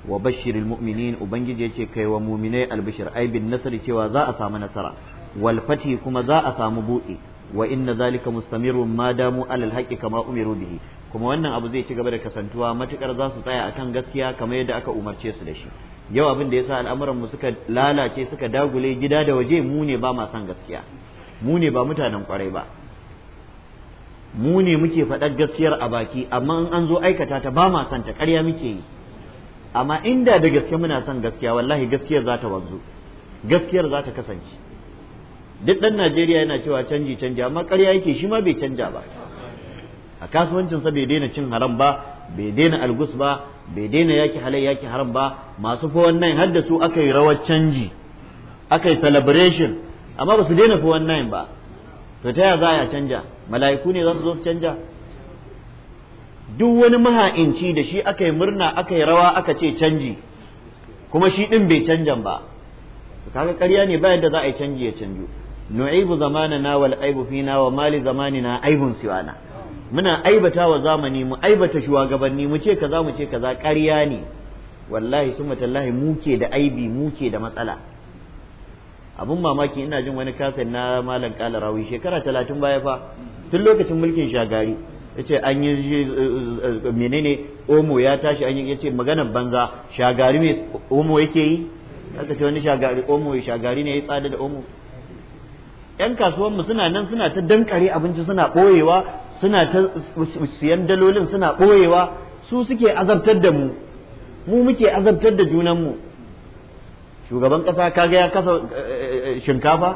wa bashiril mu'minin ubangiji yace kai wa mu'minai albishir ai bin nasri cewa za a samu nasara wal fati kuma za a samu budi wa inna zalika mustamirun ma damu alal haqqi kama umiru bihi kuma wannan abu zai ci gaba da kasantuwa matukar za su tsaya akan gaskiya kamar yadda aka umarce su da shi yau abin da yasa al'amuran mu suka lalace suka dagule gida da waje mu ne ba ma san gaskiya mu ne ba mutanen kwarai ba mu ne muke faɗar gaskiyar a baki amma in an zo aikata ta ba ma san ta ƙarya muke yi amma inda da gaske muna san gaskiya wallahi gaskiyar za ta wanzu gaskiyar za ta kasance duk ɗan Najeriya yana cewa canji canji amma ƙarya yake shi ma bai canja ba a kasuwancinsa bai daina cin haram ba bai daina algus ba bai daina yaki halai yaki haram ba masu fa wannan har da su aka yi rawar canji aka yi celebration amma ba su daina fa wannan ba to ta yaya za a canja mala'iku ne za su zo su canja duk wani maha'inci da shi aka yi murna aka yi rawa aka ce canji kuma shi ɗin bai canjan ba kaga ƙarya ne bayan da za a yi canji ya canju nu'ibu zamanana wal aibu fina wa mali zamanina aibun siwana muna aibata wa zamani mu aibata shugabanni mu ce kaza mu ce kaza ƙarya ne wallahi suma tallahi mu ke da aibi mu ke da matsala abun mamaki ina jin wani kasan na malam kala rawi shekara talatin baya fa tun lokacin mulkin shagari yace an yi eh, eh, eh, menene omo ya tashi an yi yace maganar banza shagari ne omo yake yi aka ce wani shagari omo shagari ne ya tsada da omo yan kasuwanmu suna nan suna ta dankare abinci suna ɓoyewa suna ta siyan dalolin suna ɓoyewa su suke azabtar da mu mu muke azabtar da junanmu shugaban ƙasa kaga ya kasa eh, eh, shinkafa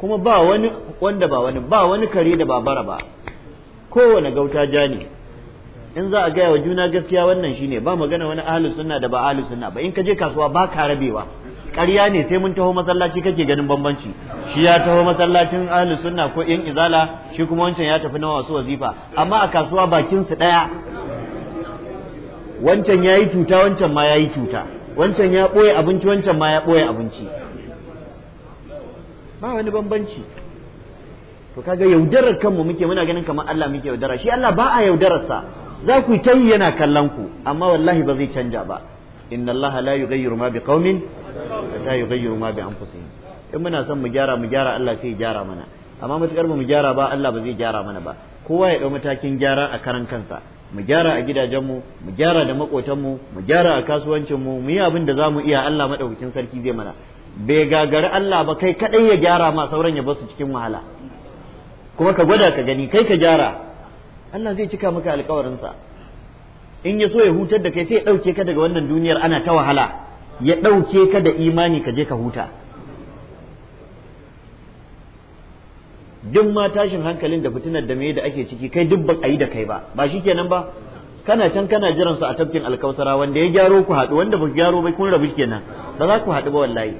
kuma ba wani wanda ba wani ba wani kare da babara ba kowane gauta ja ne in za a gaya wa juna gaskiya wannan shine ba magana wani ahlus sunna da ba ahlus sunna ba in ka je kasuwa ba ka rabewa ƙarya ne sai mun taho masallaci kake ganin bambanci shi ya taho masallacin ahlus sunna ko in izala shi kuma wancan ya tafi na wasu wazifa amma a kasuwa bakin su daya wancan yayi cuta wancan ma yayi cuta wancan ya boye abinci wancan ma ya boye abinci ba wani bambanci to kaga yaudarar kanmu muke muna ganin kamar Allah muke yaudara shi Allah ba a yaudararsa za ku yi yana kallon ku amma wallahi ba zai canja ba inna Allah la yughayyiru ma biqaumin ta yughayyiru ma bi anfusihim in muna son mu gyara mu gyara Allah sai ya gyara mana amma mutakar mu gyara ba Allah ba zai gyara mana ba kowa ya dau matakin gyara a karan kansa mu gyara a gidajenmu mu gyara da makotanmu mu gyara a kasuwancinmu mu yi abin da za iya Allah madaukakin sarki zai mana bai gagari Allah ba kai kadai ya gyara ma sauran ya basu cikin wahala kuma ka gwada ka gani kai ka gyara Allah zai cika maka sa in ya so ya hutar da kai sai ya ɗauke ka daga wannan duniyar ana ta wahala ya ɗauke ka da imani ka je ka huta duk ma tashin hankalin da fitinar da mai da ake ciki kai duk ba a yi da kai ba ba shi kenan ba kana can kana jiran su a tafkin alkausara wanda ya gyaro ku haɗu wanda ba gyaro bai kun rabu kenan ba za ku haɗu ba wallahi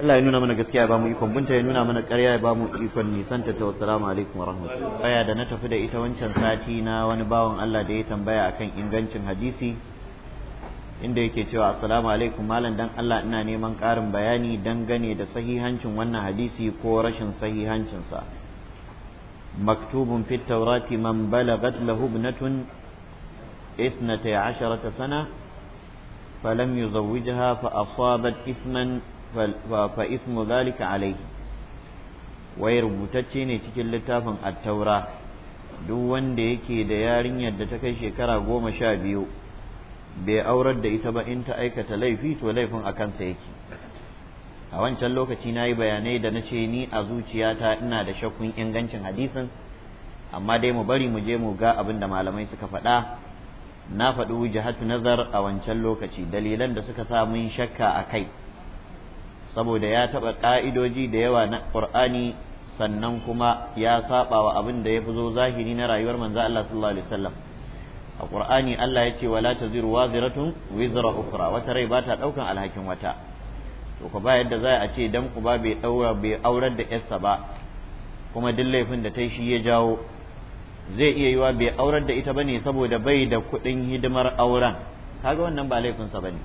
Allah ya nuna mana gaskiya ya bamu ikon binta ya nuna mana ƙarya ya bamu ikon nisan ta wassalamu alaikum warahmatullahi Baya da na tafi da ita wancan sati na wani bawan Allah da ya tambaya akan ingancin hadisi inda yake cewa assalamu alaikum malam dan Allah ina neman karin bayani dangane da sahihancin wannan hadisi ko rashin sahihancinsa maktubun fit taurati man balagat lahu ibnatun ithnatay asharata sana falam yuzawwijha fa asabat ithman fa ithmu dhalika alayhi wai rubutacce ne cikin littafin at-taura duk wanda yake da yarinyar da ta kai shekara goma sha biyu bai aurar da ita ba in ta aikata laifi to laifin a kansa yake a wancan lokaci na yi bayanai da na ce ni a zuciyata ina da shakkun ingancin hadisin amma dai mu bari mu je mu ga abin da malamai suka faɗa na faɗi wujahatu nazar a wancan lokaci dalilan da suka sa mun shakka a kai saboda ya taɓa ƙa'idoji da yawa na ƙur'ani sannan kuma ya saɓa wa abin da ya fi zo zahiri na rayuwar manzo Allah sallallahu alaihi wasallam a ƙur'ani Allah ya ce wala taziru waziratun wizra ukra wata rai ba ta ɗaukan alhakin wata to ku ba yadda za a ce dan uba bai daura bai aurar da yarsa ba kuma duk laifin da ta shi ya jawo zai iya yiwa bai aurar da ita bane saboda bai da kuɗin hidimar auren kaga wannan ba laifinsa bane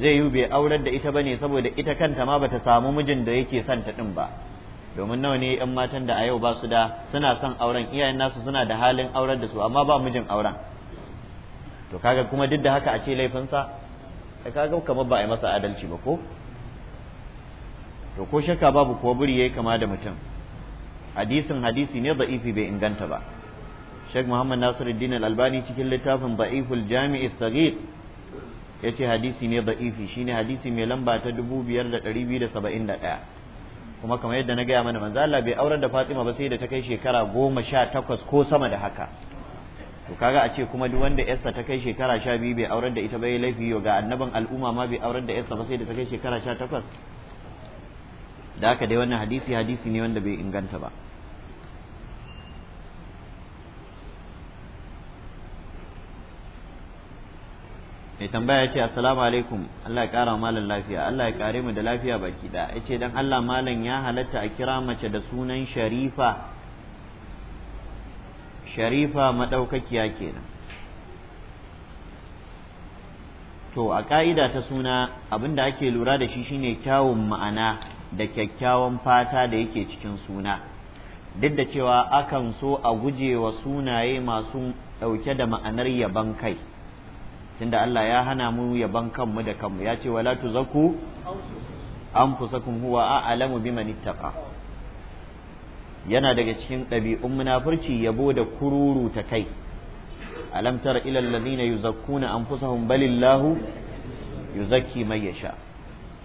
zai yi bai aurar da ita bane saboda ita kanta ma bata samu mijin da yake son ta din ba domin nawa ne yan matan da a yau ba su da suna son auren iyayen nasu suna da halin aurar da su amma ba mijin auren to kaga kuma duk da haka a ce laifinsa ka kaga kamar ba a yi masa adalci ba ko to ko shakka babu ko buri yayi kama da mutum hadisin hadisi ne da'ifi bai inganta ba Sheikh Muhammad Nasiruddin Al-Albani cikin littafin Da'iful Jami'i Saghir yace hadisi ne da'ifi shine hadisi mai lamba ta 2571 kuma kamar yadda na gaya mana manzo Allah bai aurar da Fatima ba sai da ta kai shekara goma sha takwas ko sama da haka to kaga a ce kuma duk wanda yarsa ta kai shekara sha biyu bai aurar da ita ba ya laifi yau ga annaban al'umma ma bai aurar da yarsa ba sai da ta kai shekara sha takwas da haka dai wannan hadisi hadisi ne wanda bai inganta ba mai tambaya ce assalamu alaikum Allah ya kara malam lafiya Allah ya kare mu da lafiya baki da yace dan Allah malam ya halatta a kira mace da sunan sharifa sharifa madaukakiya kenan to a ƙa'ida ta suna abinda ake lura da shi shine kyawun ma'ana da kyakkyawan fata da yake cikin suna duk da cewa akan so a guje wa sunaye masu ɗauke da ma'anar yaban kai tunda Allah ya hana mu yaban kanmu da kanmu ya ce wala an anfusakum huwa a'lamu biman ittaqa yana daga cikin ɗabi'un munafurci yabo da kururu ta kai alam tara ila alladhina yuzakkuna anfusahum balillahu yuzakki man yasha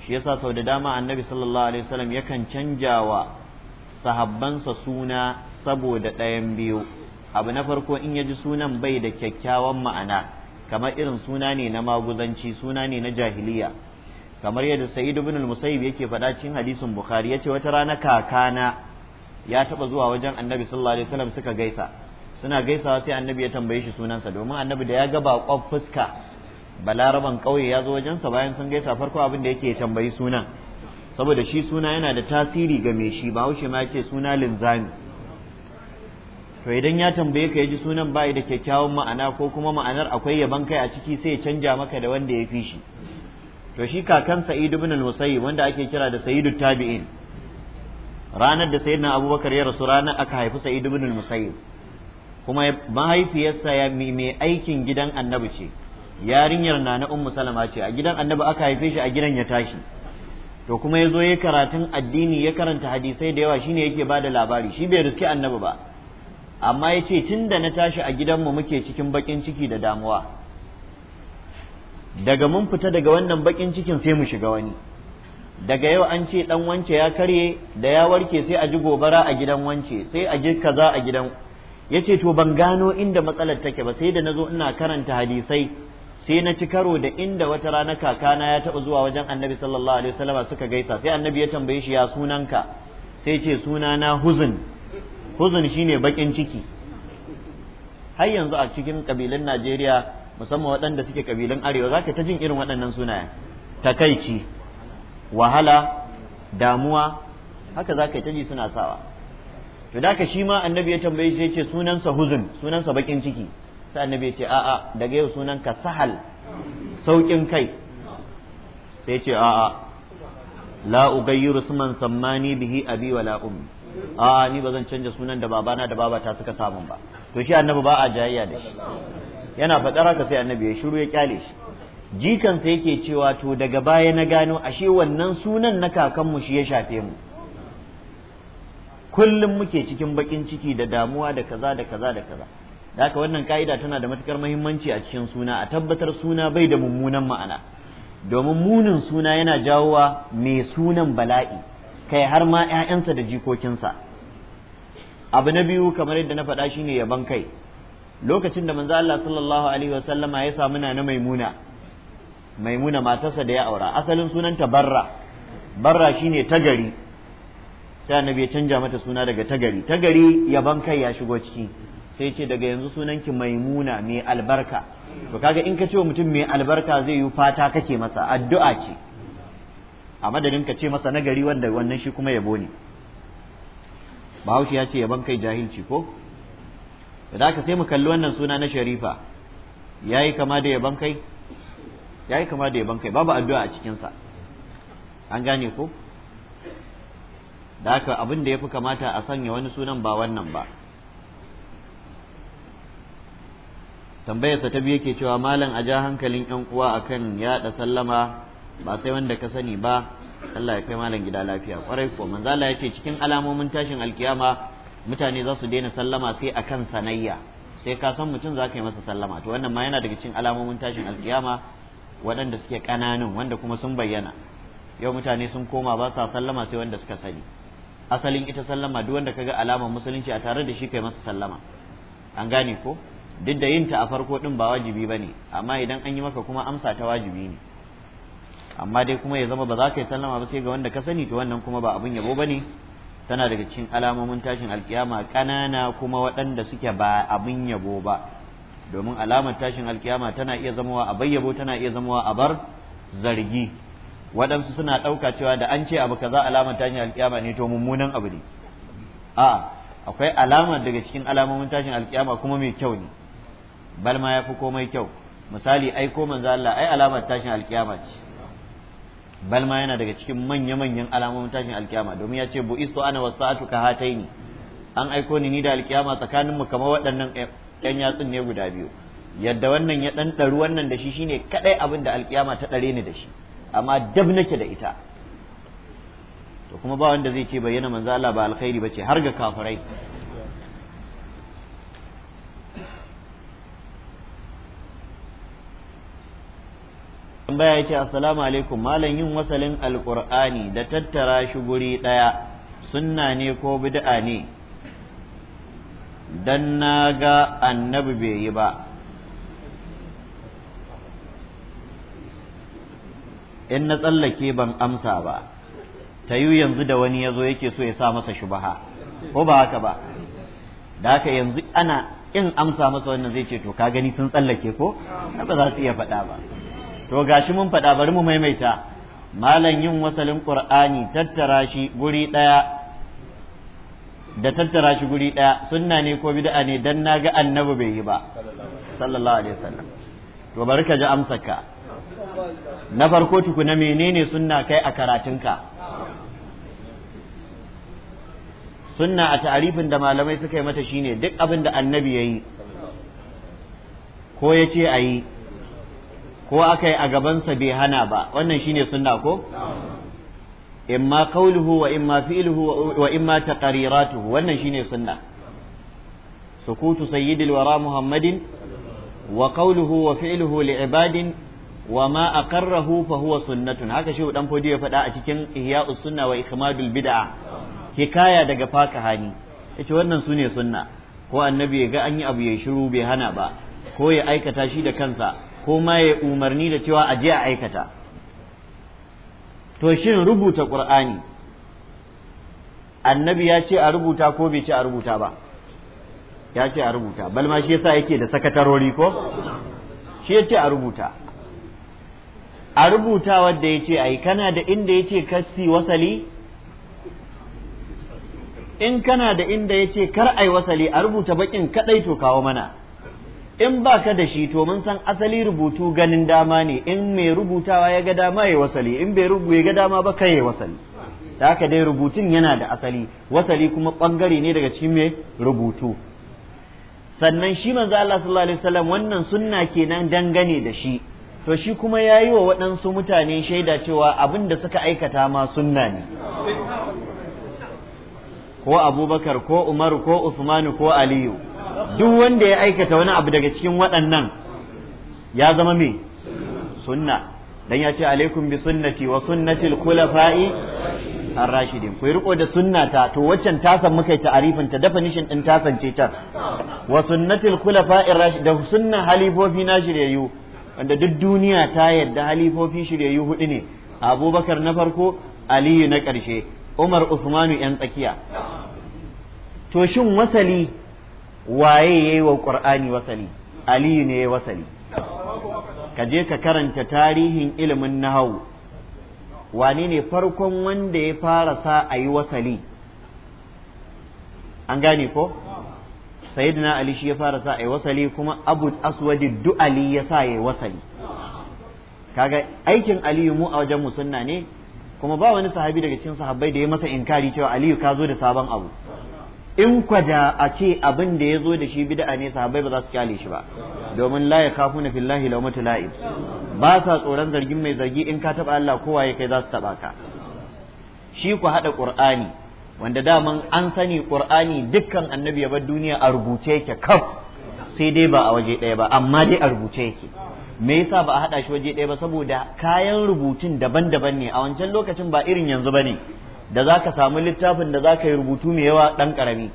shi yasa sau da dama annabi sallallahu alaihi wasallam yakan canjawa sahabbansa suna saboda ɗayan biyu abu na farko in yaji sunan bai da kyakkyawan ma'ana kamar irin suna ne na maguzanci suna ne na jahiliya kamar yadda Saidu ibn al-musayyib yake faɗa cikin hadisin bukhari ya ce, wata rana kakana ya taɓa zuwa wajen annabi sallallahu alaihi wasallam suka gaisa suna gaisawa sai annabi ya tambaye shi sunansa domin annabi da ya ga baƙon fuska balaraban kauye ya zo wajensa bayan sun gaisa farko abin da yake tambayi sunan saboda shi suna yana da tasiri ga mai shi wuce ma ce suna linzami to idan ya tambaye ka ya ji sunan bai da kyakkyawan ma'ana ko kuma ma'anar akwai yaban kai a ciki sai ya canja maka da wanda ya fi shi to shi kakan sa'id ibn al-musayyib wanda ake kira da saidut tabi'in ranar da sayyidina abubakar ya rasu ranar aka haifi sa'id ibn al-musayyib kuma mahaifiyarsa ya mai aikin gidan annabi ce yarinyar na na ummu salama ce a gidan annabi aka haife shi a gidan ya tashi to kuma ya zo ya karatun addini ya karanta hadisai da yawa shine yake bada labari shi bai riske annabi ba amma yace ce tun da na tashi a gidanmu muke cikin bakin ciki da damuwa daga mun fita daga wannan bakin cikin sai mu shiga wani daga yau an ce dan wance ya karye da ya warke sai a ji gobara a gidan wance sai a ji kaza a gidan Ya ce to ban gano inda matsalar take ba sai da nazo ina karanta hadisai sai na ci karo da inda wata rana kakana ya taɓa zuwa wajen annabi sallallahu alaihi wasallama suka gaisa sai annabi ya tambaye shi ya sunanka sai ce sunana huzun huzun shine bakin ciki har yanzu a cikin kabilan Najeriya musamman waɗanda suke kabilan arewa zaka ta jin irin waɗannan sunayen takaici wahala damuwa haka za ka yi taji suna sawa to da ka shi ma annabi ya tambaye shi ce sunansa huzun sunansa bakin ciki sai annabi ya ce a'a daga yau sunanka sahal saukin kai sai ce a'a la ugayyiru suman sammani bihi abi wala ummi a'a ni ba zan canja sunan da babana da babata suka samun ba to shi annabi ba a jayayya da shi yana faɗar haka sai annabi ya shiru ya kyale shi jikansa yake cewa to daga baya na gano ashe wannan sunan na kakanmu shi ya shafe mu kullum muke cikin bakin ciki da damuwa da kaza da kaza da kaza da haka wannan ka'ida tana da matukar muhimmanci a cikin suna a tabbatar suna bai da mummunan ma'ana domin munin suna yana jawo jawowa mai sunan bala'i kai har ma 'ya'yansa da jikokinsa abu na biyu kamar yadda na faɗa shine yaban kai lokacin da manzo Allah sallallahu alaihi wasallama ya samu na maimuna maimuna matarsa da ya aura asalin sunanta barra barra shine tagari sai annabi ya canja mata suna daga tagari tagari yaban kai ya shigo ciki sai ce daga yanzu sunanki maimuna mai albarka to kaga in ka ce wa mutum mai albarka zai yi fata kake masa addu'a ce a madadin ka ce masa nagari wanda wannan shi kuma yabo ne bahaushe ya ce yaban kai jahilci ko da haka sai mu kalli wannan suna na sharifa yayi kama da yaban kai ya yi kama da yaban kai babu addu'a a cikinsa an gane ko da haka abin da ya fi kamata a sanya wani sunan ba wannan ba tambayarsa ta biyu ke cewa malam a ja hankalin yan uwa akan yaɗa sallama ba sai wanda ka sani ba Allah ya kai malam gida lafiya kwarai ko manzala ya ce cikin alamomin tashin alkiyama mutane za su daina sallama sai akan sanayya sai ka san mutum za ka yi masa sallama to wannan ma yana daga cikin alamomin tashin alkiyama waɗanda suke ƙananan wanda kuma sun bayyana yau mutane sun koma ba sa sallama sai wanda suka sani asalin ita sallama duk wanda kaga alamar musulunci a tare da shi kai masa sallama an gane ko duk da yinta a farko din ba wajibi ba ne amma idan an yi maka kuma amsa ta wajibi ne amma dai kuma ya zama ba za ka yi sallama ba sai ga wanda ka sani to wannan kuma ba abin yabo ba ne tana daga cikin alamomin tashin alkiyama ƙanana kuma waɗanda suke ba abin yabo ba domin alamar tashin alkiyama tana iya zamowa a bayyabo tana iya zamowa a bar zargi waɗansu suna ɗauka cewa da an ce abu kaza alamar tashin alkiyama ne to mummunan abu ne a akwai alama daga cikin alamomin tashin alkiyama kuma mai kyau ne bal ma yafi komai kyau misali ai ko manzo Allah ai alamar tashin alkiyama ce bal ma yana daga cikin manya-manyan alamomin tashin alkiyama domin ya ce bu isto ana wasa'atu ka hataini an aiko ni ni da alkiyama tsakaninmu kamar waɗannan eh, yan yatsun ne guda biyu yadda wannan ya ɗan ɗaru wannan da shi shine kaɗai abin da alƙiyama ta ɗare ni da shi amma dab nake da ita to kuma ba wanda zai ce bayyana manzo Allah ba alkhairi bace har ga kafirai tambaya yace assalamu alaikum malam yin wasalin alqur'ani da tattara shi guri daya sunna ne ko bid'a ne dan na ga annabi bai yi ba in na tsallake ban amsa ba ta yi yanzu da wani ya zo yake so ya sa masa shubaha ko ba haka ba da haka yanzu ana in amsa masa wannan zai ce to ka gani sun tsallake ko ba za su iya faɗa ba to gashi mun faɗa bari mu maimaita malam yin wasalin qur'ani tattara shi guri ɗaya da tattara shi guri ɗaya sunna ne ko bid'a ne dan ga annabi bai yi ba sallallahu alaihi wasallam to bari ka ji amsarka na farko tukuna menene sunna kai a karatunka sunna a ta'arifin da malamai suka yi mata shine duk abin da annabi ya yi ko ya ce a yi ko aka yi a gabansa bai hana ba wannan shine sunna ko imma qawluhu wa imma fi'luhu wa imma taqariratuhu wannan shine sunna sukutu sayyidil wara muhammadin wa qawluhu wa fi'luhu li ibadin wa ma aqarrahu fa huwa sunnatun haka shehu dan fodi ya faɗa a cikin ihya'us sunna wa ikmadul bid'a hikaya daga fakahani yace wannan sune sunna ko annabi ya ga an yi abu ya shiru bai hana ba ko ya aikata shi da kansa ko ma ya umarni da cewa a je a aikata to shin rubuta ƙur'ani annabi ya ce a rubuta ko bai ce a rubuta ba ya ce a rubuta bal ma shi yasa yake da sakatarori ko shi ya ce a rubuta a rubuta wadda ya ce yi kana da inda ya ce kasi wasali in kana da inda ya ce kar ai wasali a rubuta bakin kadai to kawo mana in ba ka da shi to mun san asali rubutu ganin dama ne in mai rubutawa ya ga dama ya wasali in bai rubu ya ga dama ba kai ya wasali da haka dai rubutun yana da asali wasali kuma bangare ne daga cikin mai rubutu sannan shi manzo Allah sallallahu alaihi wasallam wannan sunna kenan dangane da shi to shi kuma ya yi wa waɗansu mutane shaida cewa abin da suka aikata ma sunna ne ko abubakar ko Umar ko usmanu ko aliyu duk wanda ya aikata wani abu daga cikin waɗannan ya zama me sunna dan ya ce alaikum bi sunnati wa sunnatil khulafai ar-rashidin ku riko da sunnata to waccan tasan muka yi ta'arifin ta definition din tasan ce ta wa sunnatil khulafai ar-rashidin da sunnan halifofi na shiryayyu wanda duk duniya ta yadda halifofi shiryayyu hudu ne Abubakar na farko Aliyu na ƙarshe Umar Usmanu yan tsakiya to shin wasali waye yayi wa qur'ani wasali aliyu ne ya wasali ka je ka karanta tarihin ilimin nahawu wane ne farkon wanda ya fara sa a yi wasali an gane ko sayyidina ali shi ya fara sa a yi wasali kuma abu aswadi du'ali ya sa ya yi wasali kaga aikin aliyu mu a wajen musunna ne kuma ba wani sahabi daga cikin sahabbai da ya masa inkari cewa aliyu ka zo da sabon abu in kwaja a ce abin da ya zo da shi bid'a ne sahabbai ba za su kyale shi ba domin la ya kafu na fillahi ba sa tsoron zargin mai zargi in ka taba Allah kowa ya kai za su taba ka shi ku haɗa qur'ani wanda daman an sani qur'ani dukkan annabi ya bar duniya a rubuce yake kaf sai dai ba a waje ɗaya ba amma dai a rubuce yake me yasa ba a haɗa shi waje ɗaya ba saboda kayan rubutun daban-daban ne a wancan lokacin ba irin yanzu bane da za ka samu littafin da za ka yi rubutu mai yawa ɗan ƙarami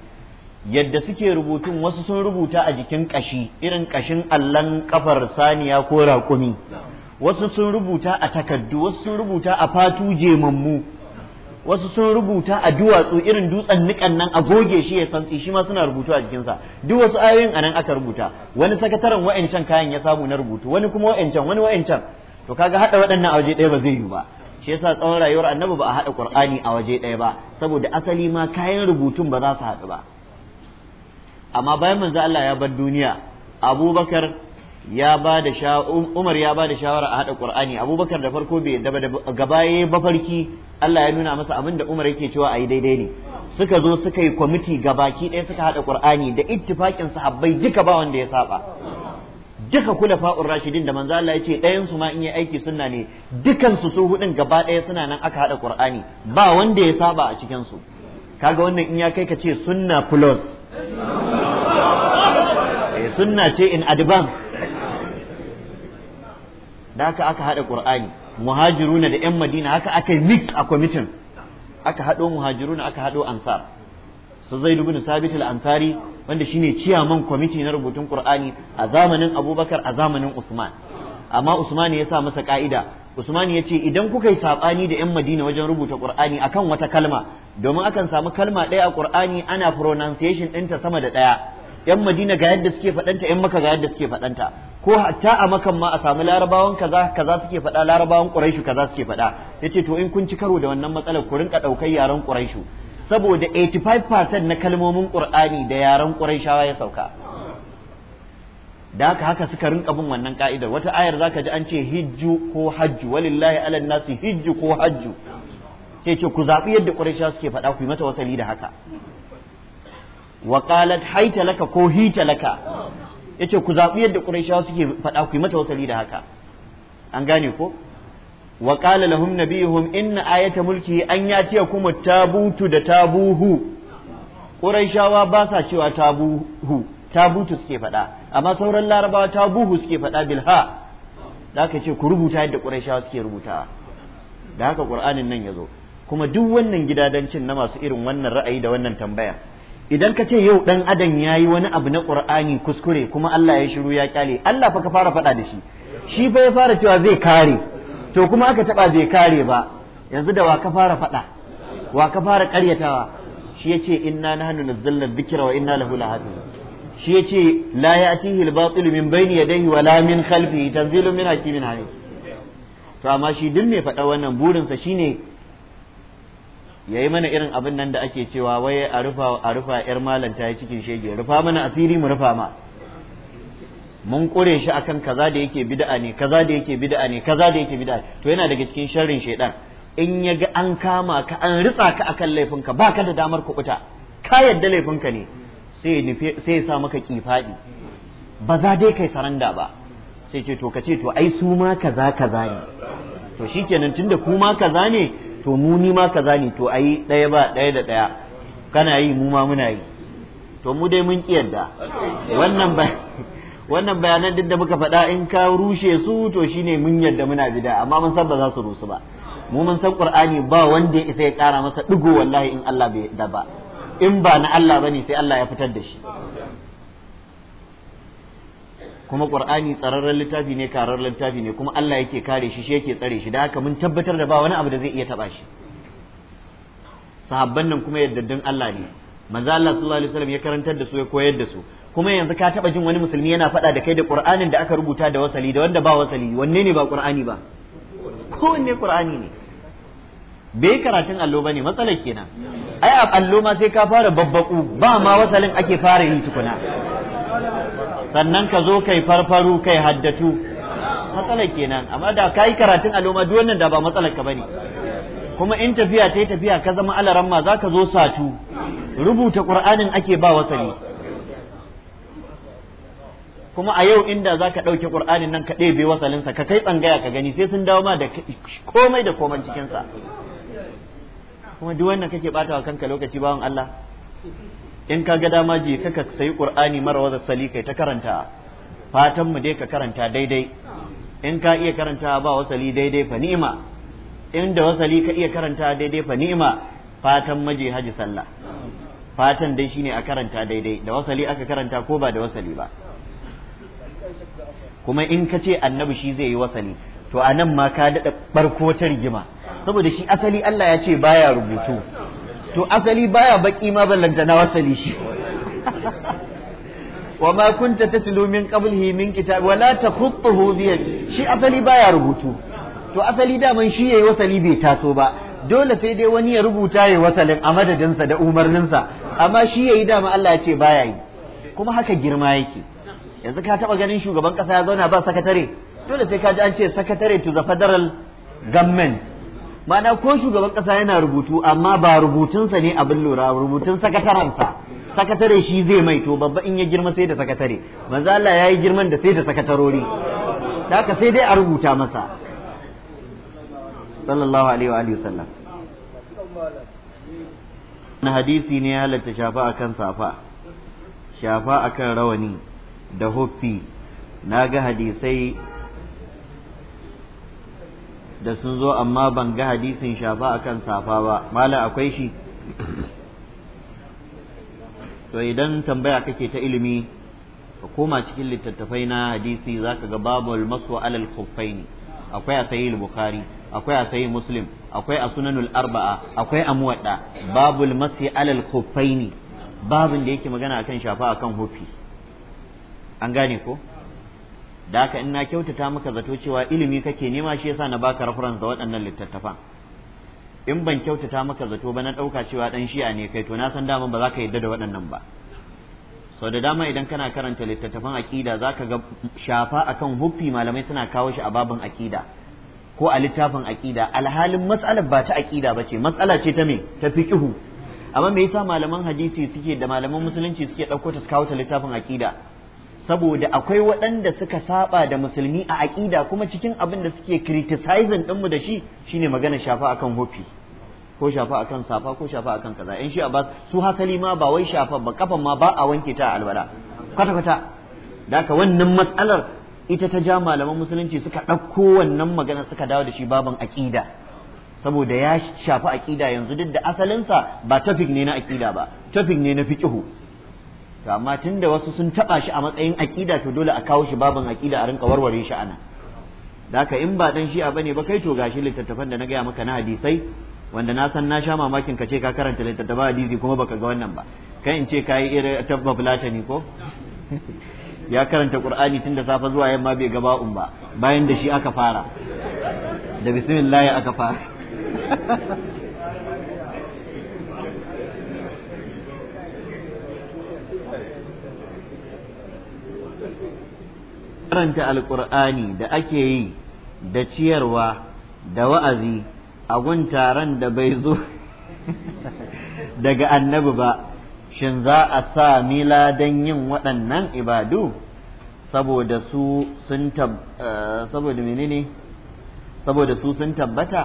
yadda suke rubutun wasu sun rubuta a jikin ƙashi irin ƙashin allon ƙafar saniya ko raƙumi wasu sun rubuta a takardu. wasu sun rubuta a fatu jemammu wasu sun rubuta a duwatsu irin dutsen nikan nan a goge shi ya santsi shi ma suna rubutu a jikinsa duk wasu ayoyin anan aka rubuta wani sakataren wa'ancan kayan ya samu na rubutu wani kuma wa'ancan wani wa'ancan to kaga hada waɗannan a waje ɗaya ba zai yi ba shi yasa tsawon rayuwar annabi ba a haɗa qur'ani a waje ɗaya ba saboda asali ma kayan rubutun ba za su haɗu ba amma bayan manzo Allah ya bar duniya abubakar ya ba da um, umar ya ba da shawara a haɗa qur'ani abubakar da farko bai da gaba ya mafarki Allah ya nuna masa abin da umar yake cewa ayi yi daidai ne suka zo suka yi kwamiti gabaki ɗaya suka haɗa qur'ani da ittifaƙin sahabbai duka ba wanda ya saba duka kulafa'ur rashidin da manzo Allah yace ɗayan su ma in yi aiki sunna ne dukan su su hudun gaba ɗaya suna nan aka hada Qur'ani ba wanda ya saba a cikin su kaga wannan in ya kai ka ce sunna plus eh sunna ce in advance da haka aka hada Qur'ani muhajiruna da yan Madina haka aka mix a committee aka hado muhajiruna aka hado ansar su zaid ibn sabit al-ansari wanda shine ciyaman kwamiti na rubutun qur'ani a zamanin abubakar a zamanin usman amma usman ya sa masa ka'ida usman ya ce idan kuka yi sabani da yan madina wajen rubuta qur'ani akan wata kalma domin akan samu kalma ɗaya a qur'ani ana pronunciation ɗinta sama da ɗaya yan madina ga yadda suke faɗanta yan maka ga yadda suke faɗanta ko hatta a makan ma a samu larabawan kaza kaza suke faɗa larabawan quraishu kaza suke faɗa yace to in kun ci karo da wannan matsalar ku rinka ɗaukar yaren quraishu saboda 85% na kalmomin ƙur'ani da yaran Qurayshawa ya sauka da haka haka suka rinka bin wannan ka'idar wata ayar ka ji an ce hijju ko hajju walillahi alal nasi hijju ko hajju sai ce ku zaɓi yadda Qurayshawa suke faɗa ku yi mata wasali da haka wa qalat haita laka ko hita laka yace ku zaɓi yadda Qurayshawa suke faɗa ku yi mata wasali da haka an gane ko wa qala lahum nabiyuhum inna ayata mulki an yatiyakum at-tabutu da tabuhu quraishawa ba sa cewa tabuhu tabutu suke faɗa amma sauran larabawa tabuhu suke faɗa bilha da aka ce ku rubuta yadda quraishawa suke rubuta da haka qur'anin nan yazo kuma duk wannan gidadancin na masu irin wannan ra'ayi da wannan tambaya idan ka ce yau dan adam yayi wani abu na qur'ani kuskure kuma Allah ya shiru ya kyale Allah fa ka fara faɗa da shi shi fa ya fara cewa zai kare to kuma aka taba bai kare ba yanzu da wa ka fara faɗa wa ka fara ƙaryatawa shi yace inna nahnu nazzalna dhikra wa inna lahu lahafizun shi yace la ya'tihi al-batil min bayni yadayhi wa la min khalfihi tanzilun min hakimin hamid to amma shi duk mai faɗa wannan burinsa shine yayi mana irin abin nan da ake cewa wai a rufa a rufa yar malam ta yi cikin shege rufa mana asiri mu rufa ma mun kure shi akan kaza da yake bid'a ne kaza da yake bid'a ne kaza da yake bid'a to yana daga cikin sharrin shaidan in ya ga an kama ka an ritsa ka akan laifinka baka da damar kuɓuta ka yadda laifinka ne sai ya sa maka kifaɗi ba za dai kai saranda ba sai ce to ka ce to ai su ma kaza kaza ne to shikenan tunda ku ma kaza ne to mu ni ma kaza ne to ai ɗaya ba ɗaya da ɗaya kana yi mu ma muna yi to mu dai mun ƙi yadda wannan ba wannan bayanan duk da muka faɗa in ka rushe su to shine mun yarda muna bida amma mun san ba za su rusu ba mu mun san qur'ani ba wanda ya isa ya ƙara masa digo wallahi in Allah bai yarda ba in ba na Allah bane sai Allah ya fitar da shi kuma ƙur'ani tsararren littafi ne kararren littafi ne kuma Allah yake kare shi shi yake tsare shi da haka mun tabbatar da ba wani abu da zai iya taba shi sahabban nan kuma yaddadin Allah ne manzo Allah sallallahu alaihi wasallam ya karantar da su ya koyar da su kuma yanzu ka taba jin wani musulmi yana faɗa da kai da qur'anin da aka rubuta da wasali da wanda ba wasali wanne ne ba qur'ani ba kowanne qur'ani ne bai karatun allo ba ne matsalar kenan ai a allo ma sai ka fara babbaku ba ma wasalin ake fara yi tukuna sannan ka zo kai farfaru kai haddatu matsalar kenan amma da ka yi karatun allo ma duk wannan da ba matsalar ka bane kuma in tafiya ta tafiya ka zama alaran ma za ka zo satu rubuta qur'anin ake ba wasali kuma a yau inda za ka ɗauke ƙur'anin nan ka ɗebe wasalinsa ka kai tsangaya ka gani sai sun dawo ma da komai da komai cikinsa kuma duk wannan kake ɓata wa kanka lokaci bawan Allah in ka ga dama je kaka sayi ƙur'ani mara wazar sali kai ta karanta fatan mu dai ka karanta daidai in ka iya karanta ba wasali daidai fa ni'ima in da wasali ka iya karanta daidai fa ni'ima fatan maje haji sallah fatan dai shine a karanta daidai da wasali aka karanta ko ba da wasali ba kuma in ka ce annabi shi zai yi wasali to a nan ma ka daɗa barko ta rigima saboda shi asali Allah ya ce baya rubutu to asali baya baƙi ma ballanta na wasali shi wa ma kunta tatlu min qablihi min kitab wa la takhutuhu bi shi asali baya rubutu to asali daman shi yayi wasali bai taso ba dole sai dai wani ya rubuta yayi wasalin a madadinsa da umarninsa amma shi yayi dama Allah ya ce baya yi kuma haka girma yake yanzu ka taba ganin shugaban kasa ya zauna ba sakatare dole sai ka ji an ce sakatare to the federal government ma'ana ko shugaban kasa yana rubutu amma ba rubutunsa ne abin lura rubutun sakatarensa sakatare shi zai mai to babba in ya girma sai da sakatare manzo Allah yayi girman da sai da sakatarori haka sai dai a rubuta masa sallallahu alaihi wa alihi wasallam na hadisi ne ya halatta shafa akan safa shafa akan rawani da hoffi na ga hadisai da sun zo amma ban ga hadisin shafa akan safa ba mala akwai shi to idan tambaya kake ta ilimi ka koma cikin littattafai na hadisi ka ga babul maso alal khuffaini akwai a sayi bukhari akwai a sayi muslim akwai a sunanul arba'a akwai a muwadda babul masi alal khuffaini babin da yake magana akan shafa akan hufi an gane ko da haka in na kyautata maka zato cewa ilimi kake nema shi yasa na baka rafuran da waɗannan littattafan in ban kyautata maka zato ba na ɗauka cewa ɗan shi'a ne kai to na san dama ba za ka yadda da waɗannan ba sau da dama idan kana karanta littattafan akida za ka ga shafa akan hufi malamai suna kawo shi a babin akida ko a littafin akida alhalin matsalar ba ta aƙida ba ce matsala ce ta me ta fiƙihu amma me yasa malaman hadisi suke da malaman musulunci suke ɗauko ta kawo ta littafin akida saboda akwai waɗanda suka saba da musulmi a aƙida kuma cikin abin da suke criticizing ɗinmu da shi shine magana shafa akan hofi ko shafa akan safa ko shafa akan kaza in shi ba su hasali ma ba wai shafa ba kafan ma ba a wanke ta a albala kwata kwata da wannan matsalar ita ta ja malaman musulunci suka ɗauko wannan magana suka dawo da shi baban aƙida saboda ya shafa aƙida yanzu duk da asalinsa ba tafik ne na aƙida ba tafik ne na fiƙihu haka amma tunda wasu sun taba shi a matsayin akida to dole a kawo shi babin akida a rinka warware shi da haka in ba dan shi'a bane ba kai to gashi littattafan da na gaya maka na hadisai wanda na san na sha mamakin ka ce ka karanta littattafan hadisi kuma baka ga wannan ba kai in ce kai irin tabba ne ko ya karanta qur'ani tun da safe zuwa yamma bai gaba um ba bayan da shi aka fara da bismillah aka fara karanta alkur'ani da ake yi da ciyarwa da wa'azi a gun taron da bai zo daga annabi ba shin za a sa mila don yin waɗannan ibadu saboda su sun eh, saboda menene saboda su sun tabbata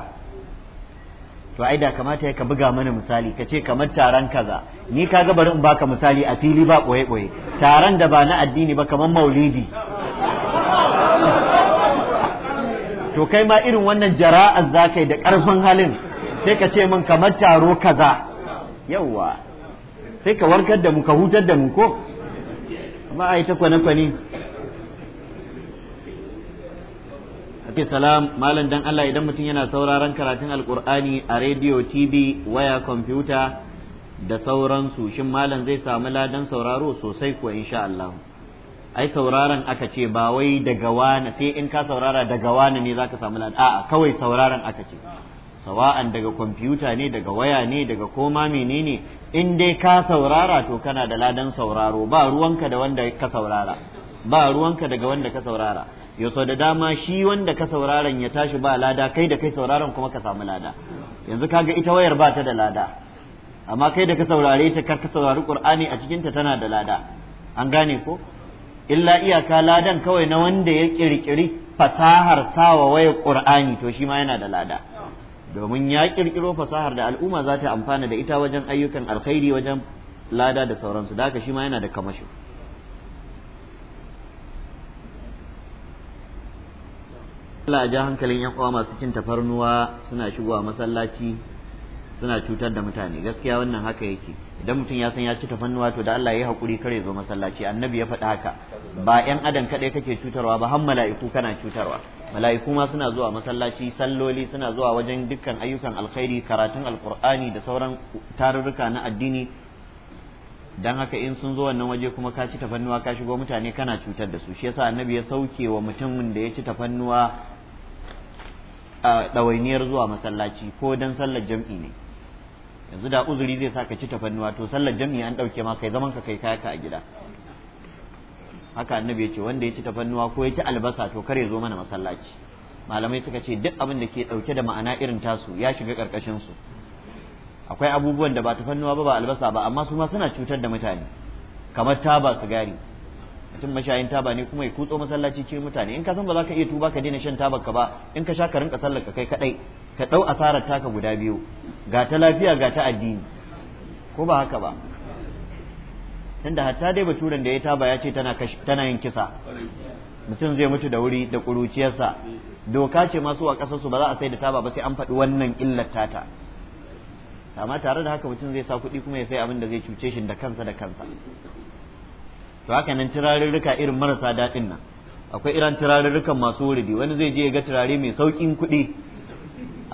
to ai da kamata ka buga mana misali ka ce kamar taron kaza ni kaga bari in baka misali a fili ba ɓoye-ɓoye, taron da ba na addini ba kamar maulidi to kai ma irin wannan jara'ar za ka yi da ƙarfin halin sai ka ce min kamar taro kaza yauwa sai ka warkar da mu ka hutar da mu ko amma ai ta kwane-kwane ake salam malam dan Allah idan mutum yana sauraron karatun alkur'ani a rediyo tv waya kwamfuta da sauransu shin malam zai samu ladan sauraro sosai ko insha Allah ai sauraron aka ce ba wai daga wani sai in ka saurara daga wani ne zaka samu lada a'a kawai sauraron aka ce sawa'an daga kwamfuta ne daga waya ne daga koma menene in dai ka saurara to kana da ladan sauraro ba ruwanka da wanda ka saurara ba ruwanka daga wanda ka saurara ya so da dama shi wanda ka sauraron ya tashi ba lada kai da kai sauraron kuma ka samu lada yanzu kaga ita wayar ba ta da lada amma kai da ka saurare ta ka saurari qur'ani a cikin ta tana da lada an gane ko illa iyaka ladan kawai na wanda ya kirkiri fasahar sawa waya qur'ani to shi ma yana da lada domin ya kirkiro fasahar da al'umma za ta amfana da ita wajen ayyukan alkhairi wajen lada da sauransu da haka shi ma yana da kamasho Allah a ja hankalin 'yan uwa masu cin tafarnuwa suna shigowa masallaci suna cutar da mutane gaskiya wannan haka yake idan mutum ya san ya ci tafannuwa to da Allah ya yi hakuri kare zo masallaci annabi ya faɗi haka ba ƴan adam kaɗai kake cutarwa ba har mala'iku kana cutarwa mala'iku ma suna zuwa masallaci salloli suna zuwa wajen dukkan ayyukan alkhairi karatun alqur'ani da sauran tarurruka na addini dan haka in sun zo wannan waje kuma ka ci tafannuwa ka shigo mutane kana cutar da su shi yasa annabi ya sauke wa mutumin da ya ci tafannuwa ɗawainiyar zuwa masallaci ko dan sallar jam'i ne yanzu da uzuri zai sa ka ci tafannuwa to sallar jami'i an dauke ma kai zaman ka kai kaya ka a gida haka annabi ya ce wanda ya ci tafannuwa ko ya ci albasa to kare zo mana masallaci malamai suka ce duk abin da ke dauke da ma'ana irin tasu ya shiga karkashin su akwai abubuwan da ba tafannuwa ba ba albasa ba amma su ma suna cutar da mutane kamar taba sigari mutum mashayin taba ne kuma ya kutso masallaci ce mutane in ka san ba za ka iya tuba ka daina shan tabar ka ba in ka sha ka rinka sallar ka kai kadai ka ɗau asarar taka guda biyu ga ta lafiya ga ta addini ko ba haka ba tunda hatta dai baturen da ya taba ya ce tana yin kisa mutum zai mutu da wuri da ƙuruciyarsa doka ce masu a ƙasarsu ba za a sai da taba ba sai an faɗi wannan illar tata amma tare da haka mutum zai sa kuɗi kuma ya sai abin da zai cuce shi da kansa da kansa to haka nan turarurruka irin marasa daɗin nan akwai irin turarurrukan masu wuridi wani zai je ya ga turare mai sauƙin kuɗi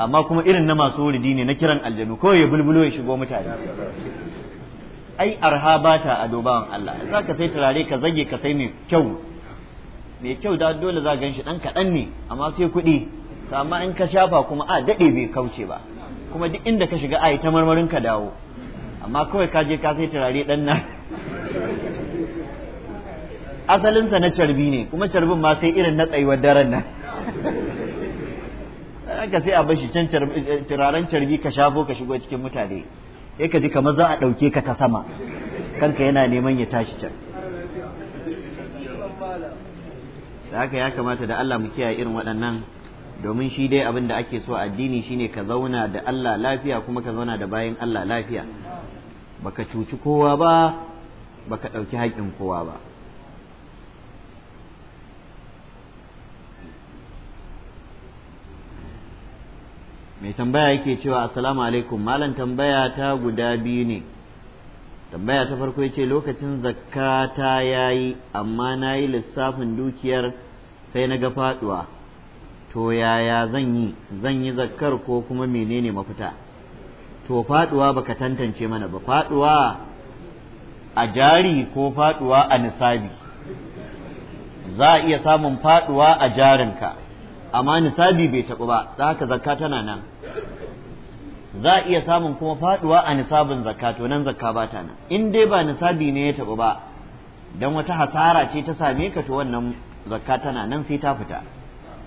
amma kuma irin na masu wuridi ne na kiran aljanu kawai ya bulbulo ya shigo mutane ai arha ba ta a dobawan Allah za ka sai turare ka zage ka sai mai kyau mai kyau da dole za gan shi dan kaɗan ne amma sai kuɗi amma in ka shafa kuma a daɗe bai kauce ba kuma duk inda ka shiga ai ta marmarin ka dawo amma kawai ka je ka sai turare dan nan asalinsa na carbi ne kuma carbin ma sai irin na tsayuwar daren nan aka sai a bashi can eh, turaren carbi ka shafo ka shigo cikin mutane sai ka ji kamar za a ɗauke ka ta sama kanka yana neman ya tashi can da haka ya kamata da Allah mu kiyaye irin waɗannan domin shi dai abin da ake so addini shine ka zauna da Allah lafiya kuma ka zauna da bayan Allah lafiya baka cuci kowa ba baka ɗauki haƙƙin kowa ba mai tambaya yake cewa assalamu alaikum malam tambaya ta guda biyu ne tambaya ta farko yace lokacin zakka ta yayi amma na yi lissafin dukiyar sai na ga faduwa to yaya zan yi zan yi zakkar ko kuma menene mafita to faduwa baka tantance mana ba faduwa a jari ko faduwa a nisabi za a iya samun faduwa a jarinka amma nisabi bai taɓa ba za haka zakka tana nan za a iya samun kuma faduwa a nisabin zakka to nan zakka ba ta nan in dai ba nisabi ne ya tabu ba dan wata hasara ce ta same ka to wannan zakka tana nan sai ta fita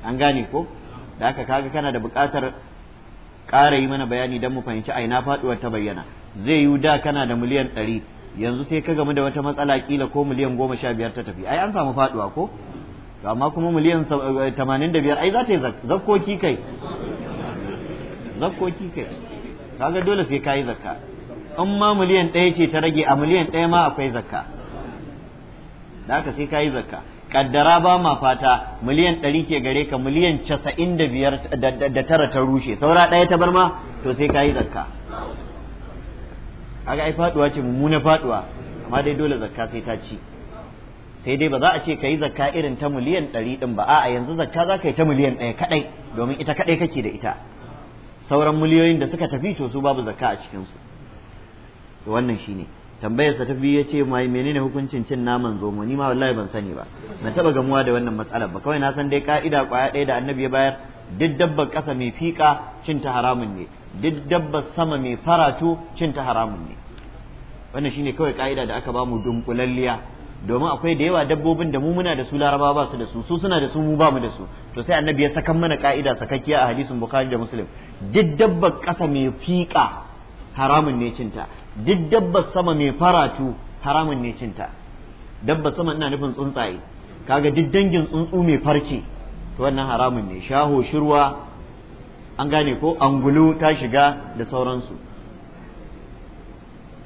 an gane ko da haka kaga kana da buƙatar ƙara yi mana bayani dan mu fahimci a ina faduwar ta bayyana zai yi da kana da miliyan ɗari yanzu sai ka gamu da wata matsala kila ko miliyan goma sha biyar ta tafi ai an samu faduwa ko to amma kuma miliyan eh, tamanin da biyar ai za ta yi zakkoki kai zakkoki kai kaga dole sai kayi zakka in ma miliyan ɗaya ce ta rage a miliyan ɗaya ma akwai zakka da haka sai kayi zakka kaddara ba ma fata miliyan ɗari ke gare ka miliyan casa'in da biyar da tara ta rushe saura ɗaya ta bar ma to sai kayi zakka kaga ai faduwa ce mummuna faduwa amma dai dole zakka sai ta ci sai dai ba za a ce ka yi zakka irin ta miliyan ɗari ɗin ba a'a yanzu zakka za ka yi ta miliyan ɗaya kaɗai domin ita kaɗai kake da ita sauran miliyoyin da suka tafi to su babu zakka a cikinsu wannan shine tambayar sa ta biyu yace mai menene hukuncin cin naman zomo ni ma wallahi ban sani ba na taba gamuwa da wannan matsalar ba kawai na san dai ka'ida kwaya ɗaya da annabi ya bayar duk dabbar ƙasa mai fiƙa cin ta haramun ne duk dabbar sama mai faratu cin ta haramun ne wannan shine kawai ka'ida da aka bamu dunkulalliya domin akwai da yawa dabbobin da mu muna da su laraba ba su da su su suna da su mu ba mu da su to sai annabi ya sakan mana ka'ida sakakkiya a hadisin bukhari da muslim duk dabbar ƙasa mai fiƙa haramun ne cinta duk dabbar sama mai faratu haramun ne cinta dabbar sama ina nufin tsuntsaye kaga duk dangin tsuntsu mai farce to wannan haramun ne shaho shirwa an gane ko angulu ta shiga da sauransu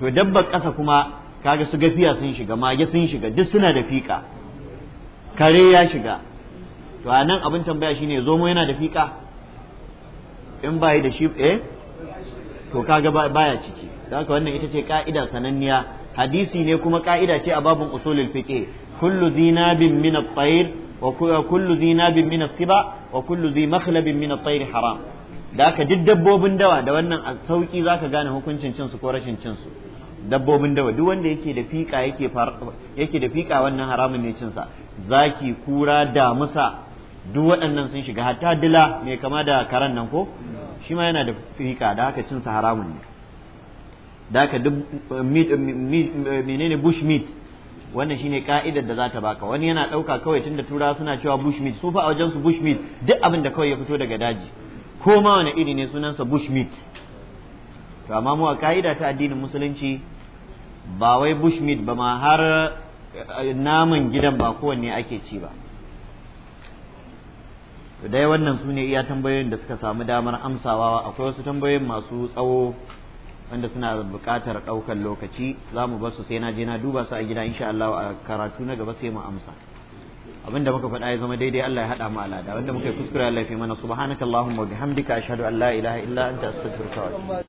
to dabbar kasa kuma kaga su gafiya sun shiga mage sun shiga duk suna da fika kare ya shiga to a nan abin tambaya shine zomo yana da fika in ba da shi eh to kaga baya ciki don haka wannan ita ce ka'ida sananniya hadisi ne kuma ka'ida ce a babin usulul fiqh kullu zinabin min at-tayr wa kullu zinabin min as-siba wa kullu zi makhlabin min at-tayr haram da haka duk dabbobin dawa da wannan sauki zaka gane hukuncin cin su ko rashin cin su dabbobin dawa duk wanda yake da fika yake yake da fika wannan haramun ne cinsa zaki kura damusa duk waɗannan sun shiga hatta dila mai kama da karan nan ko shi ma yana da fika da haka cinsa haramun ne da haka duk eh, eh, eh, menene bush meat wannan shine ka'idar da za ta baka wani yana ɗauka kawai tunda turawa suna cewa bush meat su fa a wajen su bush meat duk abin da kawai ya fito daga daji ko ma wani iri ne sunansa bush meat to amma mu a ka'ida ta addinin musulunci ba wai bushmeat ba ma har eh, naman gidan ba kowanne ake ci ba dai wannan sune ne iya tambayoyin da suka samu damar amsawa akwai wasu tambayoyin masu tsawo wanda suna buƙatar ɗaukar lokaci za mu basu sai na je na duba su a gida insha Allah a karatu na gaba sai mu amsa abin da muka faɗa ya zama daidai Allah ya haɗa mu alada wanda muka yi kuskure Allah ya fi mana subhanakallahumma wa bihamdika ashhadu an la ilaha illa anta astaghfiruka wa atubu